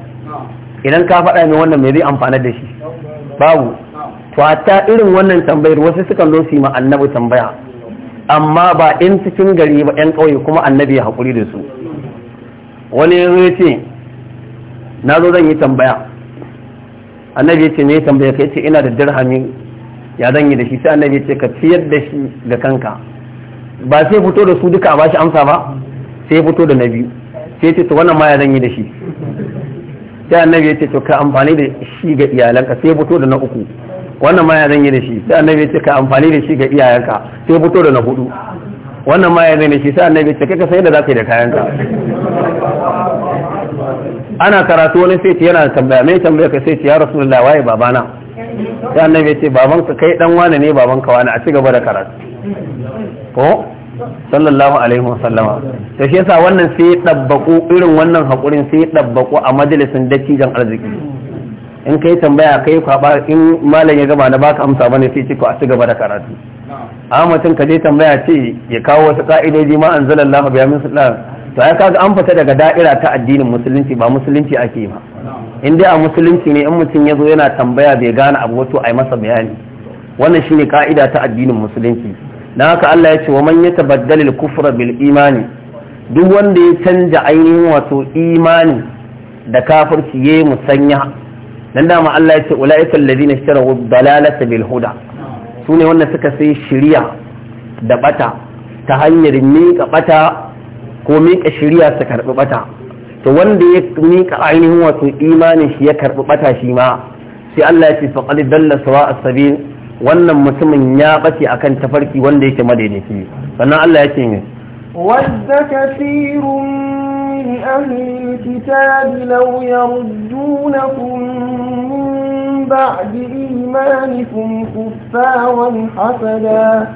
idan ka faɗa min wannan me zai amfana da shi babu to hatta irin wannan tambayar wasu sukan zo su yi ma annabi tambaya amma ba in cikin gari ba ɗan ƙauye kuma annabi ya haƙuri da su wani yanzu ya ce na zo zan yi tambaya annabi ya ce ne tambaya kai ce ina da dirhami ya zan yi da shi sai annabi ya ce ka ciyar da shi ga kanka ba sai fito da su duka a bashi amsa ba sai fito da na biyu sai ce to wannan ma ya zan yi da shi sai annabi ya ce to ka amfani da shi ga iyalanka sai fito da na uku wannan ma ya zan yi da shi sai annabi ya ce ka amfani da shi ga iyayenka sai fito da na hudu wannan ma ya zan yi da shi sai annabi ya ce kai ka sai da za ka yi da kayanka ana karatu wani sai ce yana tambaya mai tambaya ka sai ce ya rasulullah waye babana sai annabi ya ce babanka kai dan wane ne babanka wane a ci gaba da karatu ko sallallahu alaihi sallama. to shi yasa wannan sai dabbaku irin wannan hakurin sai dabbaku a majalisin dattijan arziki in yi tambaya kai kwaba in malam ya gaba na baka amsa bane sai ce ko a ci gaba da karatu amatin ka je tambaya ce ya kawo wasu ka'idoji ma anzalallahu biya min sultan to ai kaga an fita daga da'ira ta addinin musulunci ba musulunci ake ba in dai a musulunci ne in mutum ya zo yana tambaya bai gane abu wato ai masa bayani wannan shine ka'ida ta addinin musulunci dan haka Allah ya ce wa man yatabaddalil kufra bil imani duk wanda ya canja ainihin wato imani da kafirci yayi musanya dan dama Allah ya ce ulaika alladhina ishtaraw dalalata bil huda sune wanda suka sai shiriya da bata ta hanyar miƙa bata ko miƙa shiriya su karɓi bata to wanda ya miƙa ainihin wato imanin shi ya karɓi bata shi ma sai Allah ya ce faqad dalla sawa as-sabil wannan mutumin ya bace akan tafarki wanda yake madaidaici sannan Allah ya ce ne wadda kathirun من أهل الكتاب لو يردونكم من بعد إيمانكم كفارا حسدا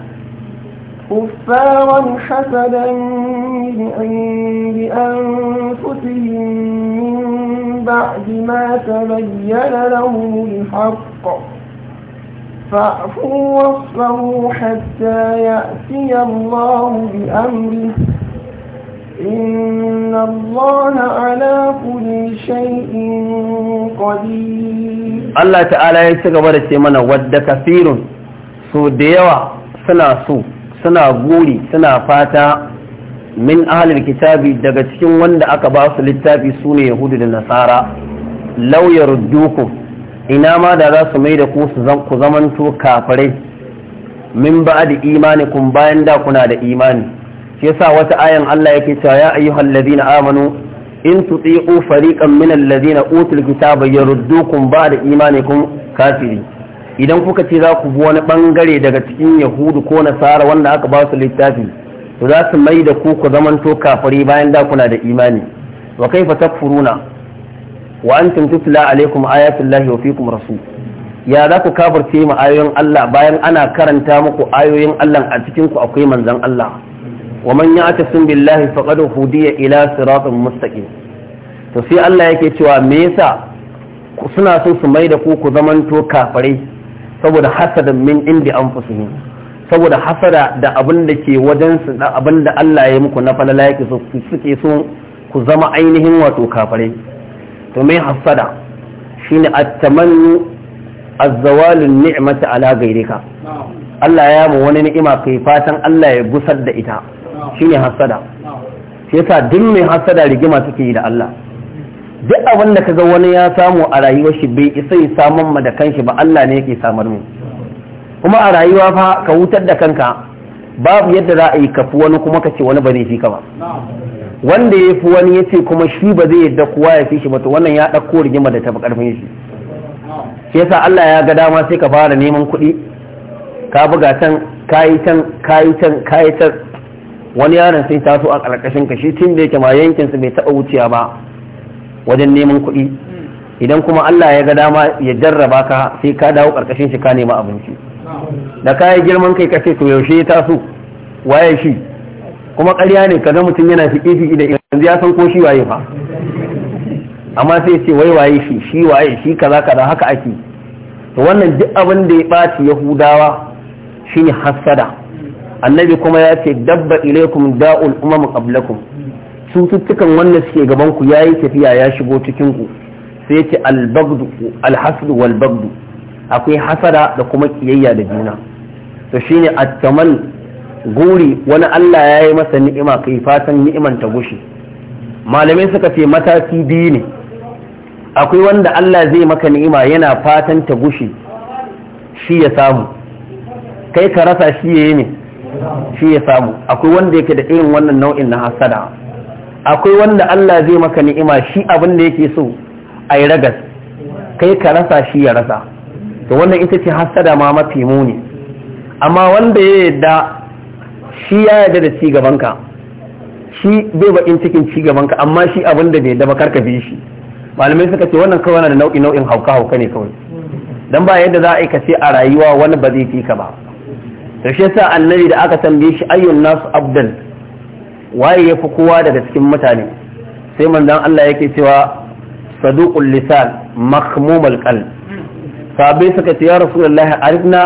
كفارا حسدا من عند أنفسهم من بعد ما تبين لهم الحق فاعفوا واصفروا حتى يأتي الله بأمره إن الله على كل شيء قدير الله تعالى يتقبل السيمانة ود su da yawa سنة su, سنة قولي suna fata. min ahalin kitabi daga cikin wanda aka ba su littafi sune yahudu da nasara lauyar duku ina ma da za su mai da ku ku zamanto kafirai min ba da imani kun bayan da kuna da imani shi yasa wata ayan Allah yake cewa ya ayyuhal ladina amanu in tuti'u fariqan min alladhina utul kitaba yaruddukum ba'da imanikum kafiri idan kuka ce za ku bi wani bangare daga cikin yahudu ko nasara wanda aka ba su littafi to za su mai da ku ku zamanto kafiri bayan da kuna da imani wa kaifa takfuruna wa antum tutla alaikum ayatullahi wa fikum rasul ya za ku kafirce mu ayoyin Allah bayan ana karanta muku ayoyin Allah a cikin ku akwai manzon Allah ومن يعتصم بالله فقد هدي الى صراط مستقيم to sai Allah yake cewa me yasa suna so su mai da ku ku zamanto kafare saboda hasadan min indi anfusihim saboda hasada da abin da ke wajen su da abin da Allah ya muku na falala yake so suke so ku zama ainihin wato kafare to me hasada shine at-tamannu az-zawal an ala ghayrika Allah ya mu wani ni'ima kai fatan Allah ya gusar da ita ne hasada shi yasa duk mai hasada rigima suke yi da Allah duk abin da kaga wani ya samu a rayuwar shi bai isa ya samun ma da kanshi ba Allah ne yake samar mu kuma a rayuwa fa ka wutar da kanka babu yadda za a yi wani kuma ka ce wani ba zai fi ba wanda ya fi wani ya ce kuma shi ba zai yadda kowa ya fi shi ba to wannan ya ɗauko rigima da tafi ƙarfin shi shi yasa Allah ya ga dama sai ka fara neman kuɗi ka buga can kayi can kayi can kayi can wani yaron sai taso a ƙarƙashin ka shi tun da yake ma yankin su bai taɓa wuciya ba wajen neman kuɗi idan kuma Allah ya ga dama ya jarraba ka sai ka dawo ƙarƙashin shi ka nema abinci da ka yi girman kai ka ce to yaushe ya taso waye shi kuma ƙarya ne ka ga mutum yana fi fiƙe da yanzu ya san ko shi waye fa amma sai ce wai waye shi shi waye shi kaza kaza haka ake to wannan duk abin da ya ɓaci yahudawa shine hassada annabi kuma ya ce dabba ilaikum da'ul umam qablakum cututtukan wanda suke gaban ku yayi tafiya ya shigo cikin ku sai ce al-baghdu al-hasd wal akwai hasada da kuma kiyayya da juna to shine at-tamal guri wani Allah ya yi masa ni'ima kai fatan ni'iman ta gushi malamai suka ce mataki biyu ne akwai wanda Allah zai maka ni'ima yana fatan ta gushi shi ya samu kai ka rasa shi yayi ne shi ya samu akwai wanda yake da irin wannan nau'in na hasada akwai wanda Allah zai maka ni'ima shi abin da yake so a yi ragas kai ka rasa shi ya rasa to wannan ita ce hasada ma mafi muni amma wanda ya yadda shi ya yadda da cigabanka shi bai baƙin cikin cigabanka amma shi abin da bai yadda ba karka bi shi malamai suka ce wannan kawai na da nau'in nau'in hauka hauka ne kawai dan ba yadda za a yi ka ce a rayuwa wani ba zai fi ka ba da shi yasa annabi da aka tambaye shi ayyun nasu abdal waye yafi kowa daga cikin mutane sai manzon Allah yake cewa saduqul lisan makhmumul qalb sahabbai suka ce ya rasulullahi arifna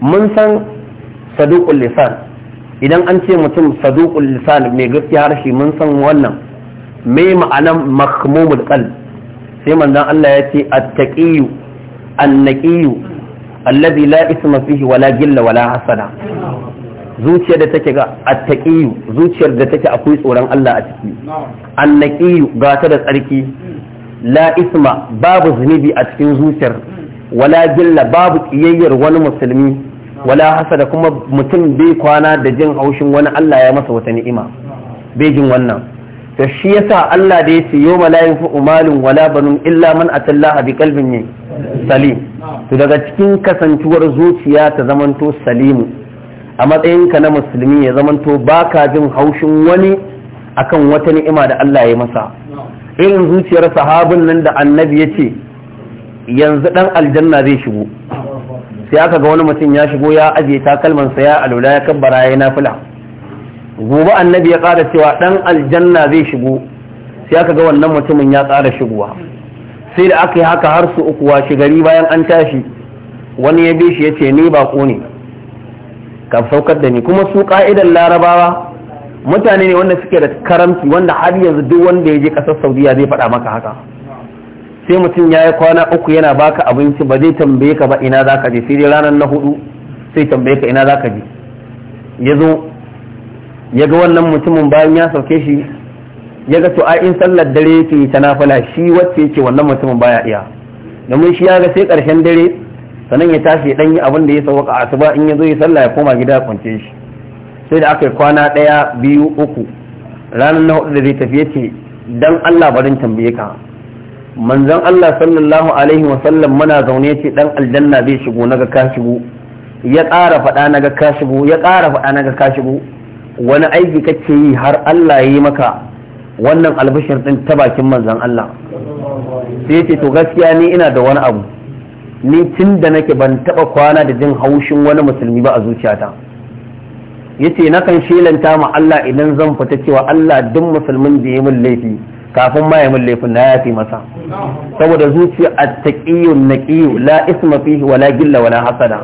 mun san saduqul lisan idan an ce mutum saduqul lisan mai gaskiya harshe mun san wannan me ma'anan makhmumul qalb sai manzon Allah ya ce at-taqiyyu an-naqiyyu allazi la isma fihi wala gilla wala hasana zuciyar da take ga attaqiyu zuciyar da take akwai tsoron Allah a ciki annaqiyu ga ta da tsarki la isma babu zunubi a cikin zuciyar wala gilla babu kiyayyar wani musulmi wala hasada kuma mutum bai kwana da jin haushin wani Allah ya masa wata ni'ima bai jin wannan to shi yasa Allah da yace yawma la yanfu umalun wala banun illa man atallaha biqalbin salim to daga cikin kasancuwar zuciya ta zamanto salimu a matsayinka na musulmi ya zamanto baka jin haushin wani akan wata ni'ima da Allah ya masa irin zuciyar sahabin nan da annabi ya ce yanzu dan aljanna zai shigo sai aka ga wani mutum ya shigo ya ajiye takalmansa ya alula ya kabbara ya nafila gobe annabi ya ƙara cewa dan aljanna zai shigo sai aka ga wannan mutumin ya ƙara shigowa sai da aka yi haka har su uku washe gari bayan an tashi wani ya bi shi ya ce ni bako ne ka saukar da ni kuma su ka'idan larabawa mutane ne wanda suke da karamci wanda har yanzu duk wanda ya je kasar saudiya zai faɗa maka haka sai mutum ya yi kwana uku yana baka abinci ba zai tambaye ka ba ina za ka je sai dai ranar na hudu sai tambaye ka ina za ka je ya zo ya ga wannan mutumin bayan ya sauke shi ya ga to a in sallar dare yake ta nafila shi wacce yake wannan mutumin baya iya domin shi ya ga sai karshen dare sannan ya tashi dan yi abin da ya sauka a asuba in ya zo ya sallah ya koma gida kwance shi sai da aka yi kwana daya biyu uku ranar na hudu da zai tafi yace dan Allah barin tambaye ka manzon Allah sallallahu alaihi wa sallam muna zaune yace dan aljanna zai shigo naga ka shigo ya ƙara faɗa naga ka shigo ya kara faɗa naga ka shigo wani aiki kake yi har Allah ya yi maka wannan albishir din ta bakin manzan Allah sai ce to gaskiya ni ina da wani abu ni tun da nake ban taba kwana da jin haushin wani musulmi ba a zuciyata ce na kan shelanta ma Allah idan zan fita cewa Allah duk musulmin da ya min laifi kafin ma ya min laifin na ya fi masa saboda zuciya taƙiyu na ƙiyu la isma fihi wala gilla wala hasada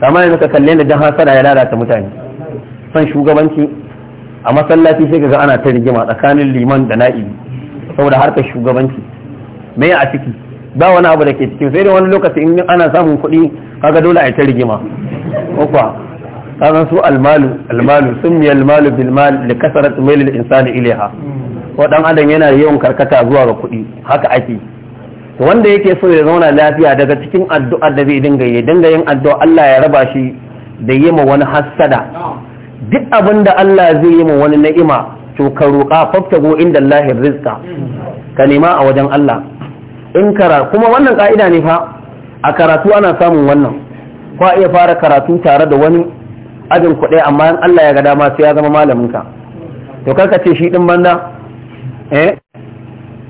kama yanzu ka kalle da dan hasada ya lalata mutane son shugabanci a masallaci sai ga ana ta rigima tsakanin liman da na'ibi saboda harkar shugabanci me a ciki ba wani abu da ke cikin sai da wani lokaci in ana samun kuɗi kaga dole a yi ta rigima kuwa kaga su almalu almalu sun mi almalu bil mal li kasarat mail al insani ilaiha wadan adam yana yawan karkata zuwa ga kuɗi haka ake to wanda yake so ya zauna lafiya daga cikin addu'ar da zai dinga yi dinga yin addu'a Allah ya raba shi da ma wani hassada duk abin da Allah zai yi min wani na'ima to ka roƙa faftago inda Allah rizqa ka nema a wajen Allah in kara kuma wannan ka'ida ne fa a karatu ana samun wannan a iya fara karatu tare da wani ajin kuɗi amma in Allah ya ga dama sai ya zama malamin ka to karka ce shi din banda eh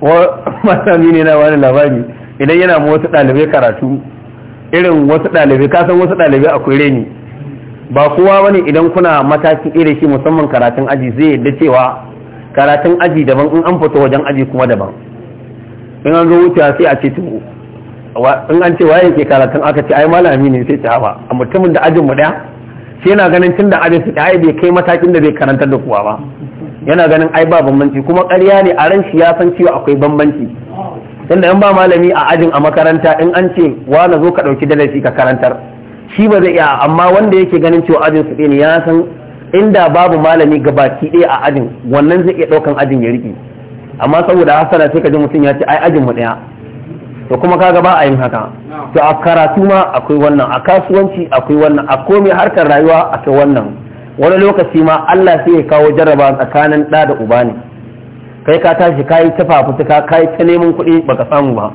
wa masami ne na wani labari idan yana mu wasu ɗalibai karatu irin wasu ɗalibai ka san wasu ɗalibai akwai reni ba kowa bane idan kuna mataki iri shi musamman karatun aji zai yadda cewa karatun aji daban in an fito wajen aji kuma daban in an zo wuce sai a ce to in an ce waye ke karatun aka ce ai malami ne sai ta a mutumin da ajin mu daya sai yana ganin tun da ajin su ai bai kai matakin da bai karantar da kowa ba yana ganin ai ba bambanci kuma ƙarya ne a ran shi ya san cewa akwai bambanci tunda in ba malami a ajin a makaranta in an ce wa na zo ka ɗauki darasi ka karantar shi ba zai iya amma wanda yake ganin cewa ajin su ne ya san inda babu malami gabaki ɗaya a ajin wannan zai iya ɗaukan ajin ya riƙe amma saboda hasana sai ka ji mutum ya ce ai ajin mu ɗaya to kuma kaga ba a yin haka to a karatu ma akwai wannan a kasuwanci akwai wannan a komai harkar rayuwa akwai wannan wani lokaci ma Allah sai ya kawo jarraba tsakanin ɗa da uba ne kai ka tashi ka yi fafutuka ka ta neman kuɗi baka samu ba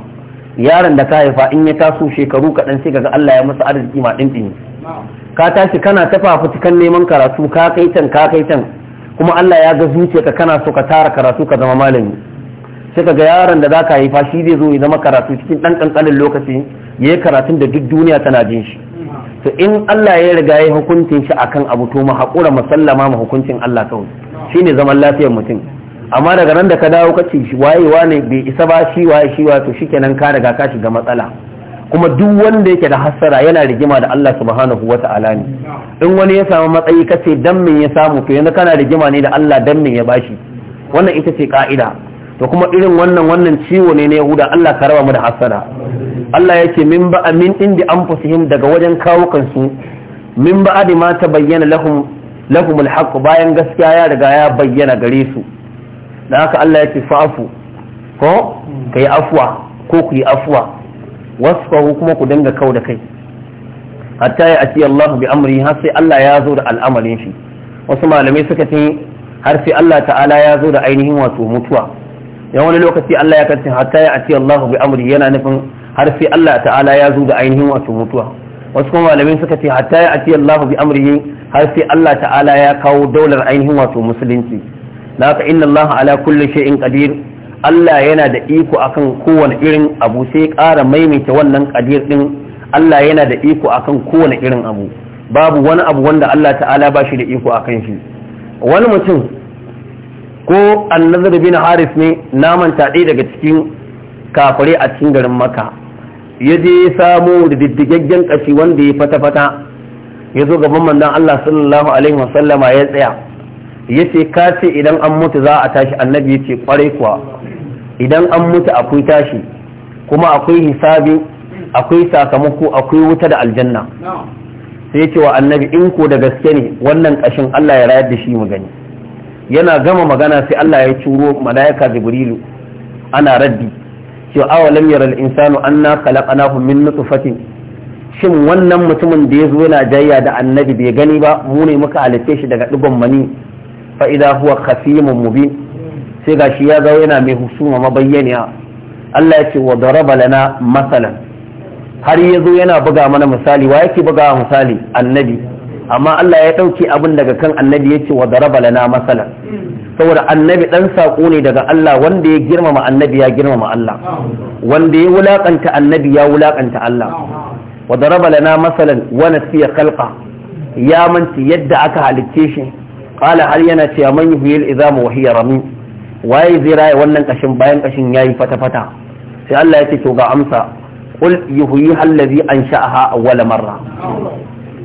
yaron da ka haifa in ya taso shekaru kaɗan sai kaga Allah ya masa arziki ma ɗin ka tashi kana ta fafutukan neman karatu ka kai can ka kai can kuma Allah ya ga zuciya ka kana so ka tara karatu ka zama malami sai kaga yaron da zaka haifa shi zai zo ya zama karatu cikin ɗan ƙanƙanin lokaci ya yi karatun da duk duniya tana jin shi to in Allah ya riga ya yi hukuncin shi akan abu to mu haƙura mu sallama mu hukuncin Allah kawai shine zaman lafiyar mutum amma daga nan da ka dawo kace wayewa ne bai isa ba shi waye shi wato shikenan ka riga ka shiga matsala kuma duk wanda yake da hasara yana rigima da Allah subhanahu wa ta'ala ne in wani ya samu matsayi kace dan min ya samu to yanzu kana rigima ne da Allah dan ya ya bashi wannan ita ce ka'ida to kuma irin wannan wannan ciwo ne na Yahuda Allah ka raba mu da hasara Allah yake min ba amin indi anfusihim daga wajen kawo kansu min ba ma ta bayyana lahum lahumul haqq bayan gaskiya ya riga ya bayyana gare su da haka Allah ya ce fa'afu ko hmm. ka yi afuwa ko ku yi afuwa wasfahu kuma ku dinga kau da kai hatta ya ati Allah bi amri har sai Allah ya zo da al'amarin shi wasu malamai suka ce har sai Allah ta'ala ya zo da ainihin wato mutuwa yan wani lokaci Allah ya kace hatta ya ati Allah bi amri yana nufin har sai Allah ta'ala ya zo da ainihin wato mutuwa wasu kuma malamai suka ce hatta ya ati Allah bi amri har sai Allah ta'ala ya kawo daular ainihin wato musulunci na ka inna Allah ala kulli shay'in qadir Allah yana da iko akan kowane irin abu sai ƙara maimaita wannan qadir din Allah yana da iko akan kowane irin abu babu wani abu wanda Allah ta'ala ba shi da iko akan shi wani mutum ko annazar bin haris ne naman taɗe daga cikin kafare a cikin garin Makka. ya je ya samo da diddigaggen ƙashi wanda ya fata-fata ya zo gaban mandan Allah sallallahu alaihi wasallama ya tsaya yace ka ce idan an mutu za a tashi annabi yace kwarai kuwa idan an mutu akwai tashi kuma akwai hisabi akwai sakamako akwai wuta da aljanna sai ce wa annabi in ko da gaske ne wannan kashin Allah ya rayar da shi mu gani yana gama magana sai Allah ya curo malaika jibrilu ana raddi cewa lam yara al-insanu anna khalaqnahu min nutfatin shin wannan mutumin da ya zo yana jayya da annabi bai gani ba mu ne muka halitte shi daga digon mani fa idza huwa khasimun mubin sai gashi ya zo yana mai husuma mabayyaniya Allah ya ce wa daraba lana masalan har ya zo yana buga mana misali wa yake buga misali annabi amma Allah ya ɗauke abin daga kan annabi ya ce wa daraba lana masalan saboda annabi ɗan saƙo ne daga Allah wanda ya girmama annabi ya girmama Allah wanda ya wulaƙanta annabi ya wulaƙanta Allah wa daraba lana masalan wa nasiya khalqa ya manci yadda aka halicce shi qala har yana cewa man yuhyil idama wa hiya ramin waye zai raya wannan kashin bayan kashin yayi fata fata sai Allah ya ce to ga amsa qul yuhyi allazi ansha'aha awwal marra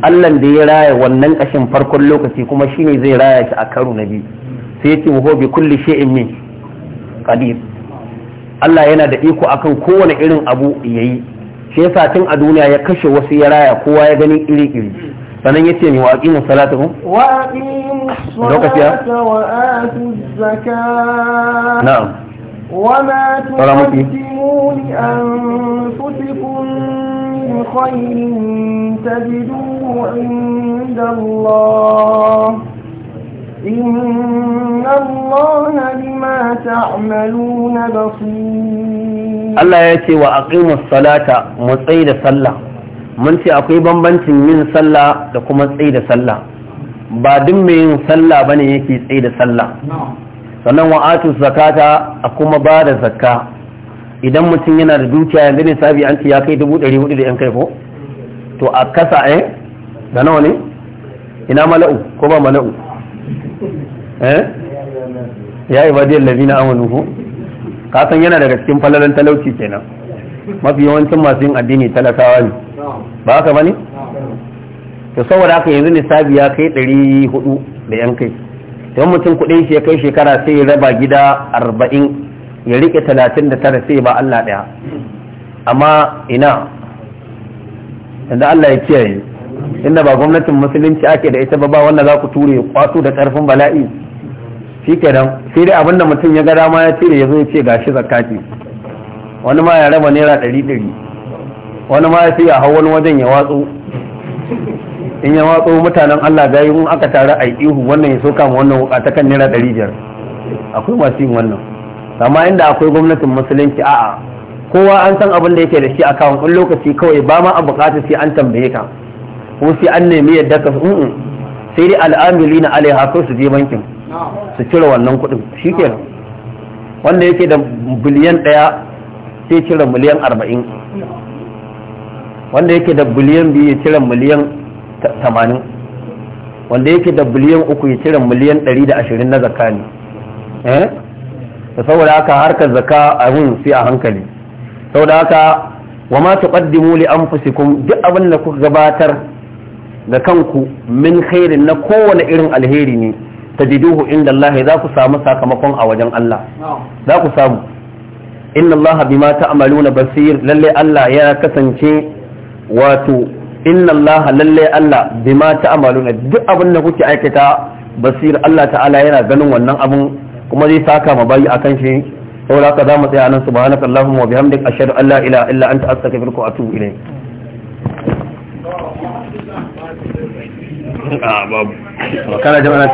Allah da ya raya wannan kashin farkon lokaci kuma shine zai raya shi a karo na biyu sai ya ce wa bi kulli shay'in min qadir Allah yana da iko akan kowane irin abu yayi shi yasa tun a duniya ya kashe wasu ya raya kowa ya gani iri iri sannan ya ce ni wa aqimu salatakum wa aqimu lokaci ya na'am wana tuhammi muni an fusikun khairin tajidu inda Allah inna Allah bima ta'maluna basir Allah ya ce wa aqimu salata mu tsayi da sallah mun ce akwai bambancin yin sallah da kuma tsayi da sallah ba duk mai yin sallah bane yake tsaye da sallah sannan wa'atu zakata a kuma ba da zakka idan mutum yana da dukiya yanzu ne sabi an ya kai dubu ɗari hudu da yan kai ko to a kasa eh da nawa ne ina mala'u ko ba mala'u eh ya yi badiyar labina amonu ko kasan yana daga cikin falalan talauci kenan mafi yawancin masu yin addini talakawa ne ba haka ba ne to saboda haka yanzu nisabi ya kai ɗari hudu da yan kai don mutum kuɗin shi ya kai shekara sai ya raba gida arba'in ya riƙe talatin da tara sai ba Allah ɗaya amma ina yadda Allah ya kiyaye inda ba gwamnatin musulunci ake da ita ba ba wanda za ku ture kwato da ƙarfin bala'i shi kenan sai dai abinda mutum ya ga dama ya cire ya zo ya ce gashi zakati wani ma ya raba naira ɗari ɗari wani ma ya sai hau wani wajen ya watsu in ya watso mutanen Allah gayi in aka tare a ihu wannan ya soka ma wannan wuka ta kan naira ɗari biyar akwai masu yin wannan amma inda akwai gwamnatin musulunci a'a kowa an san abin da yake da shi a kawon in lokaci kawai ba ma a bukatar sai an tambaye ka ko sai an nemi yadda ka su sai dai al'amili na alaiha kai su je bankin su cire wannan kuɗin shi kenan wanda yake da biliyan ɗaya sai cire miliyan arba'in wanda yake da biliyan biyu ya cire miliyan tamanin wanda yake da biliyan uku ya cire miliyan ɗari da ashirin na zakka ne da eh? saboda haka harkar zakka abin sai a hankali saboda haka wa ma tuqaddimu li anfusikum duk abin da kuka gabatar da kanku min khairin na kowane irin alheri ne tajiduhu inda Allah za ku samu sakamakon a wajen Allah za ku samu inna Allah bima ta'maluna basir lalle Allah ya kasance wato inna allaha lalle allah bima ta'maluna duk abin da kuke aikata basir allah ta'ala yana ganin wannan abun kuma zai saka ma bayi akan shi saboda haka zamu tsaya nan subhanaka allahumma wa bihamdika ashhadu an la ilaha illa anta astaghfiruka wa atubu ilayk ah babu kana jama'a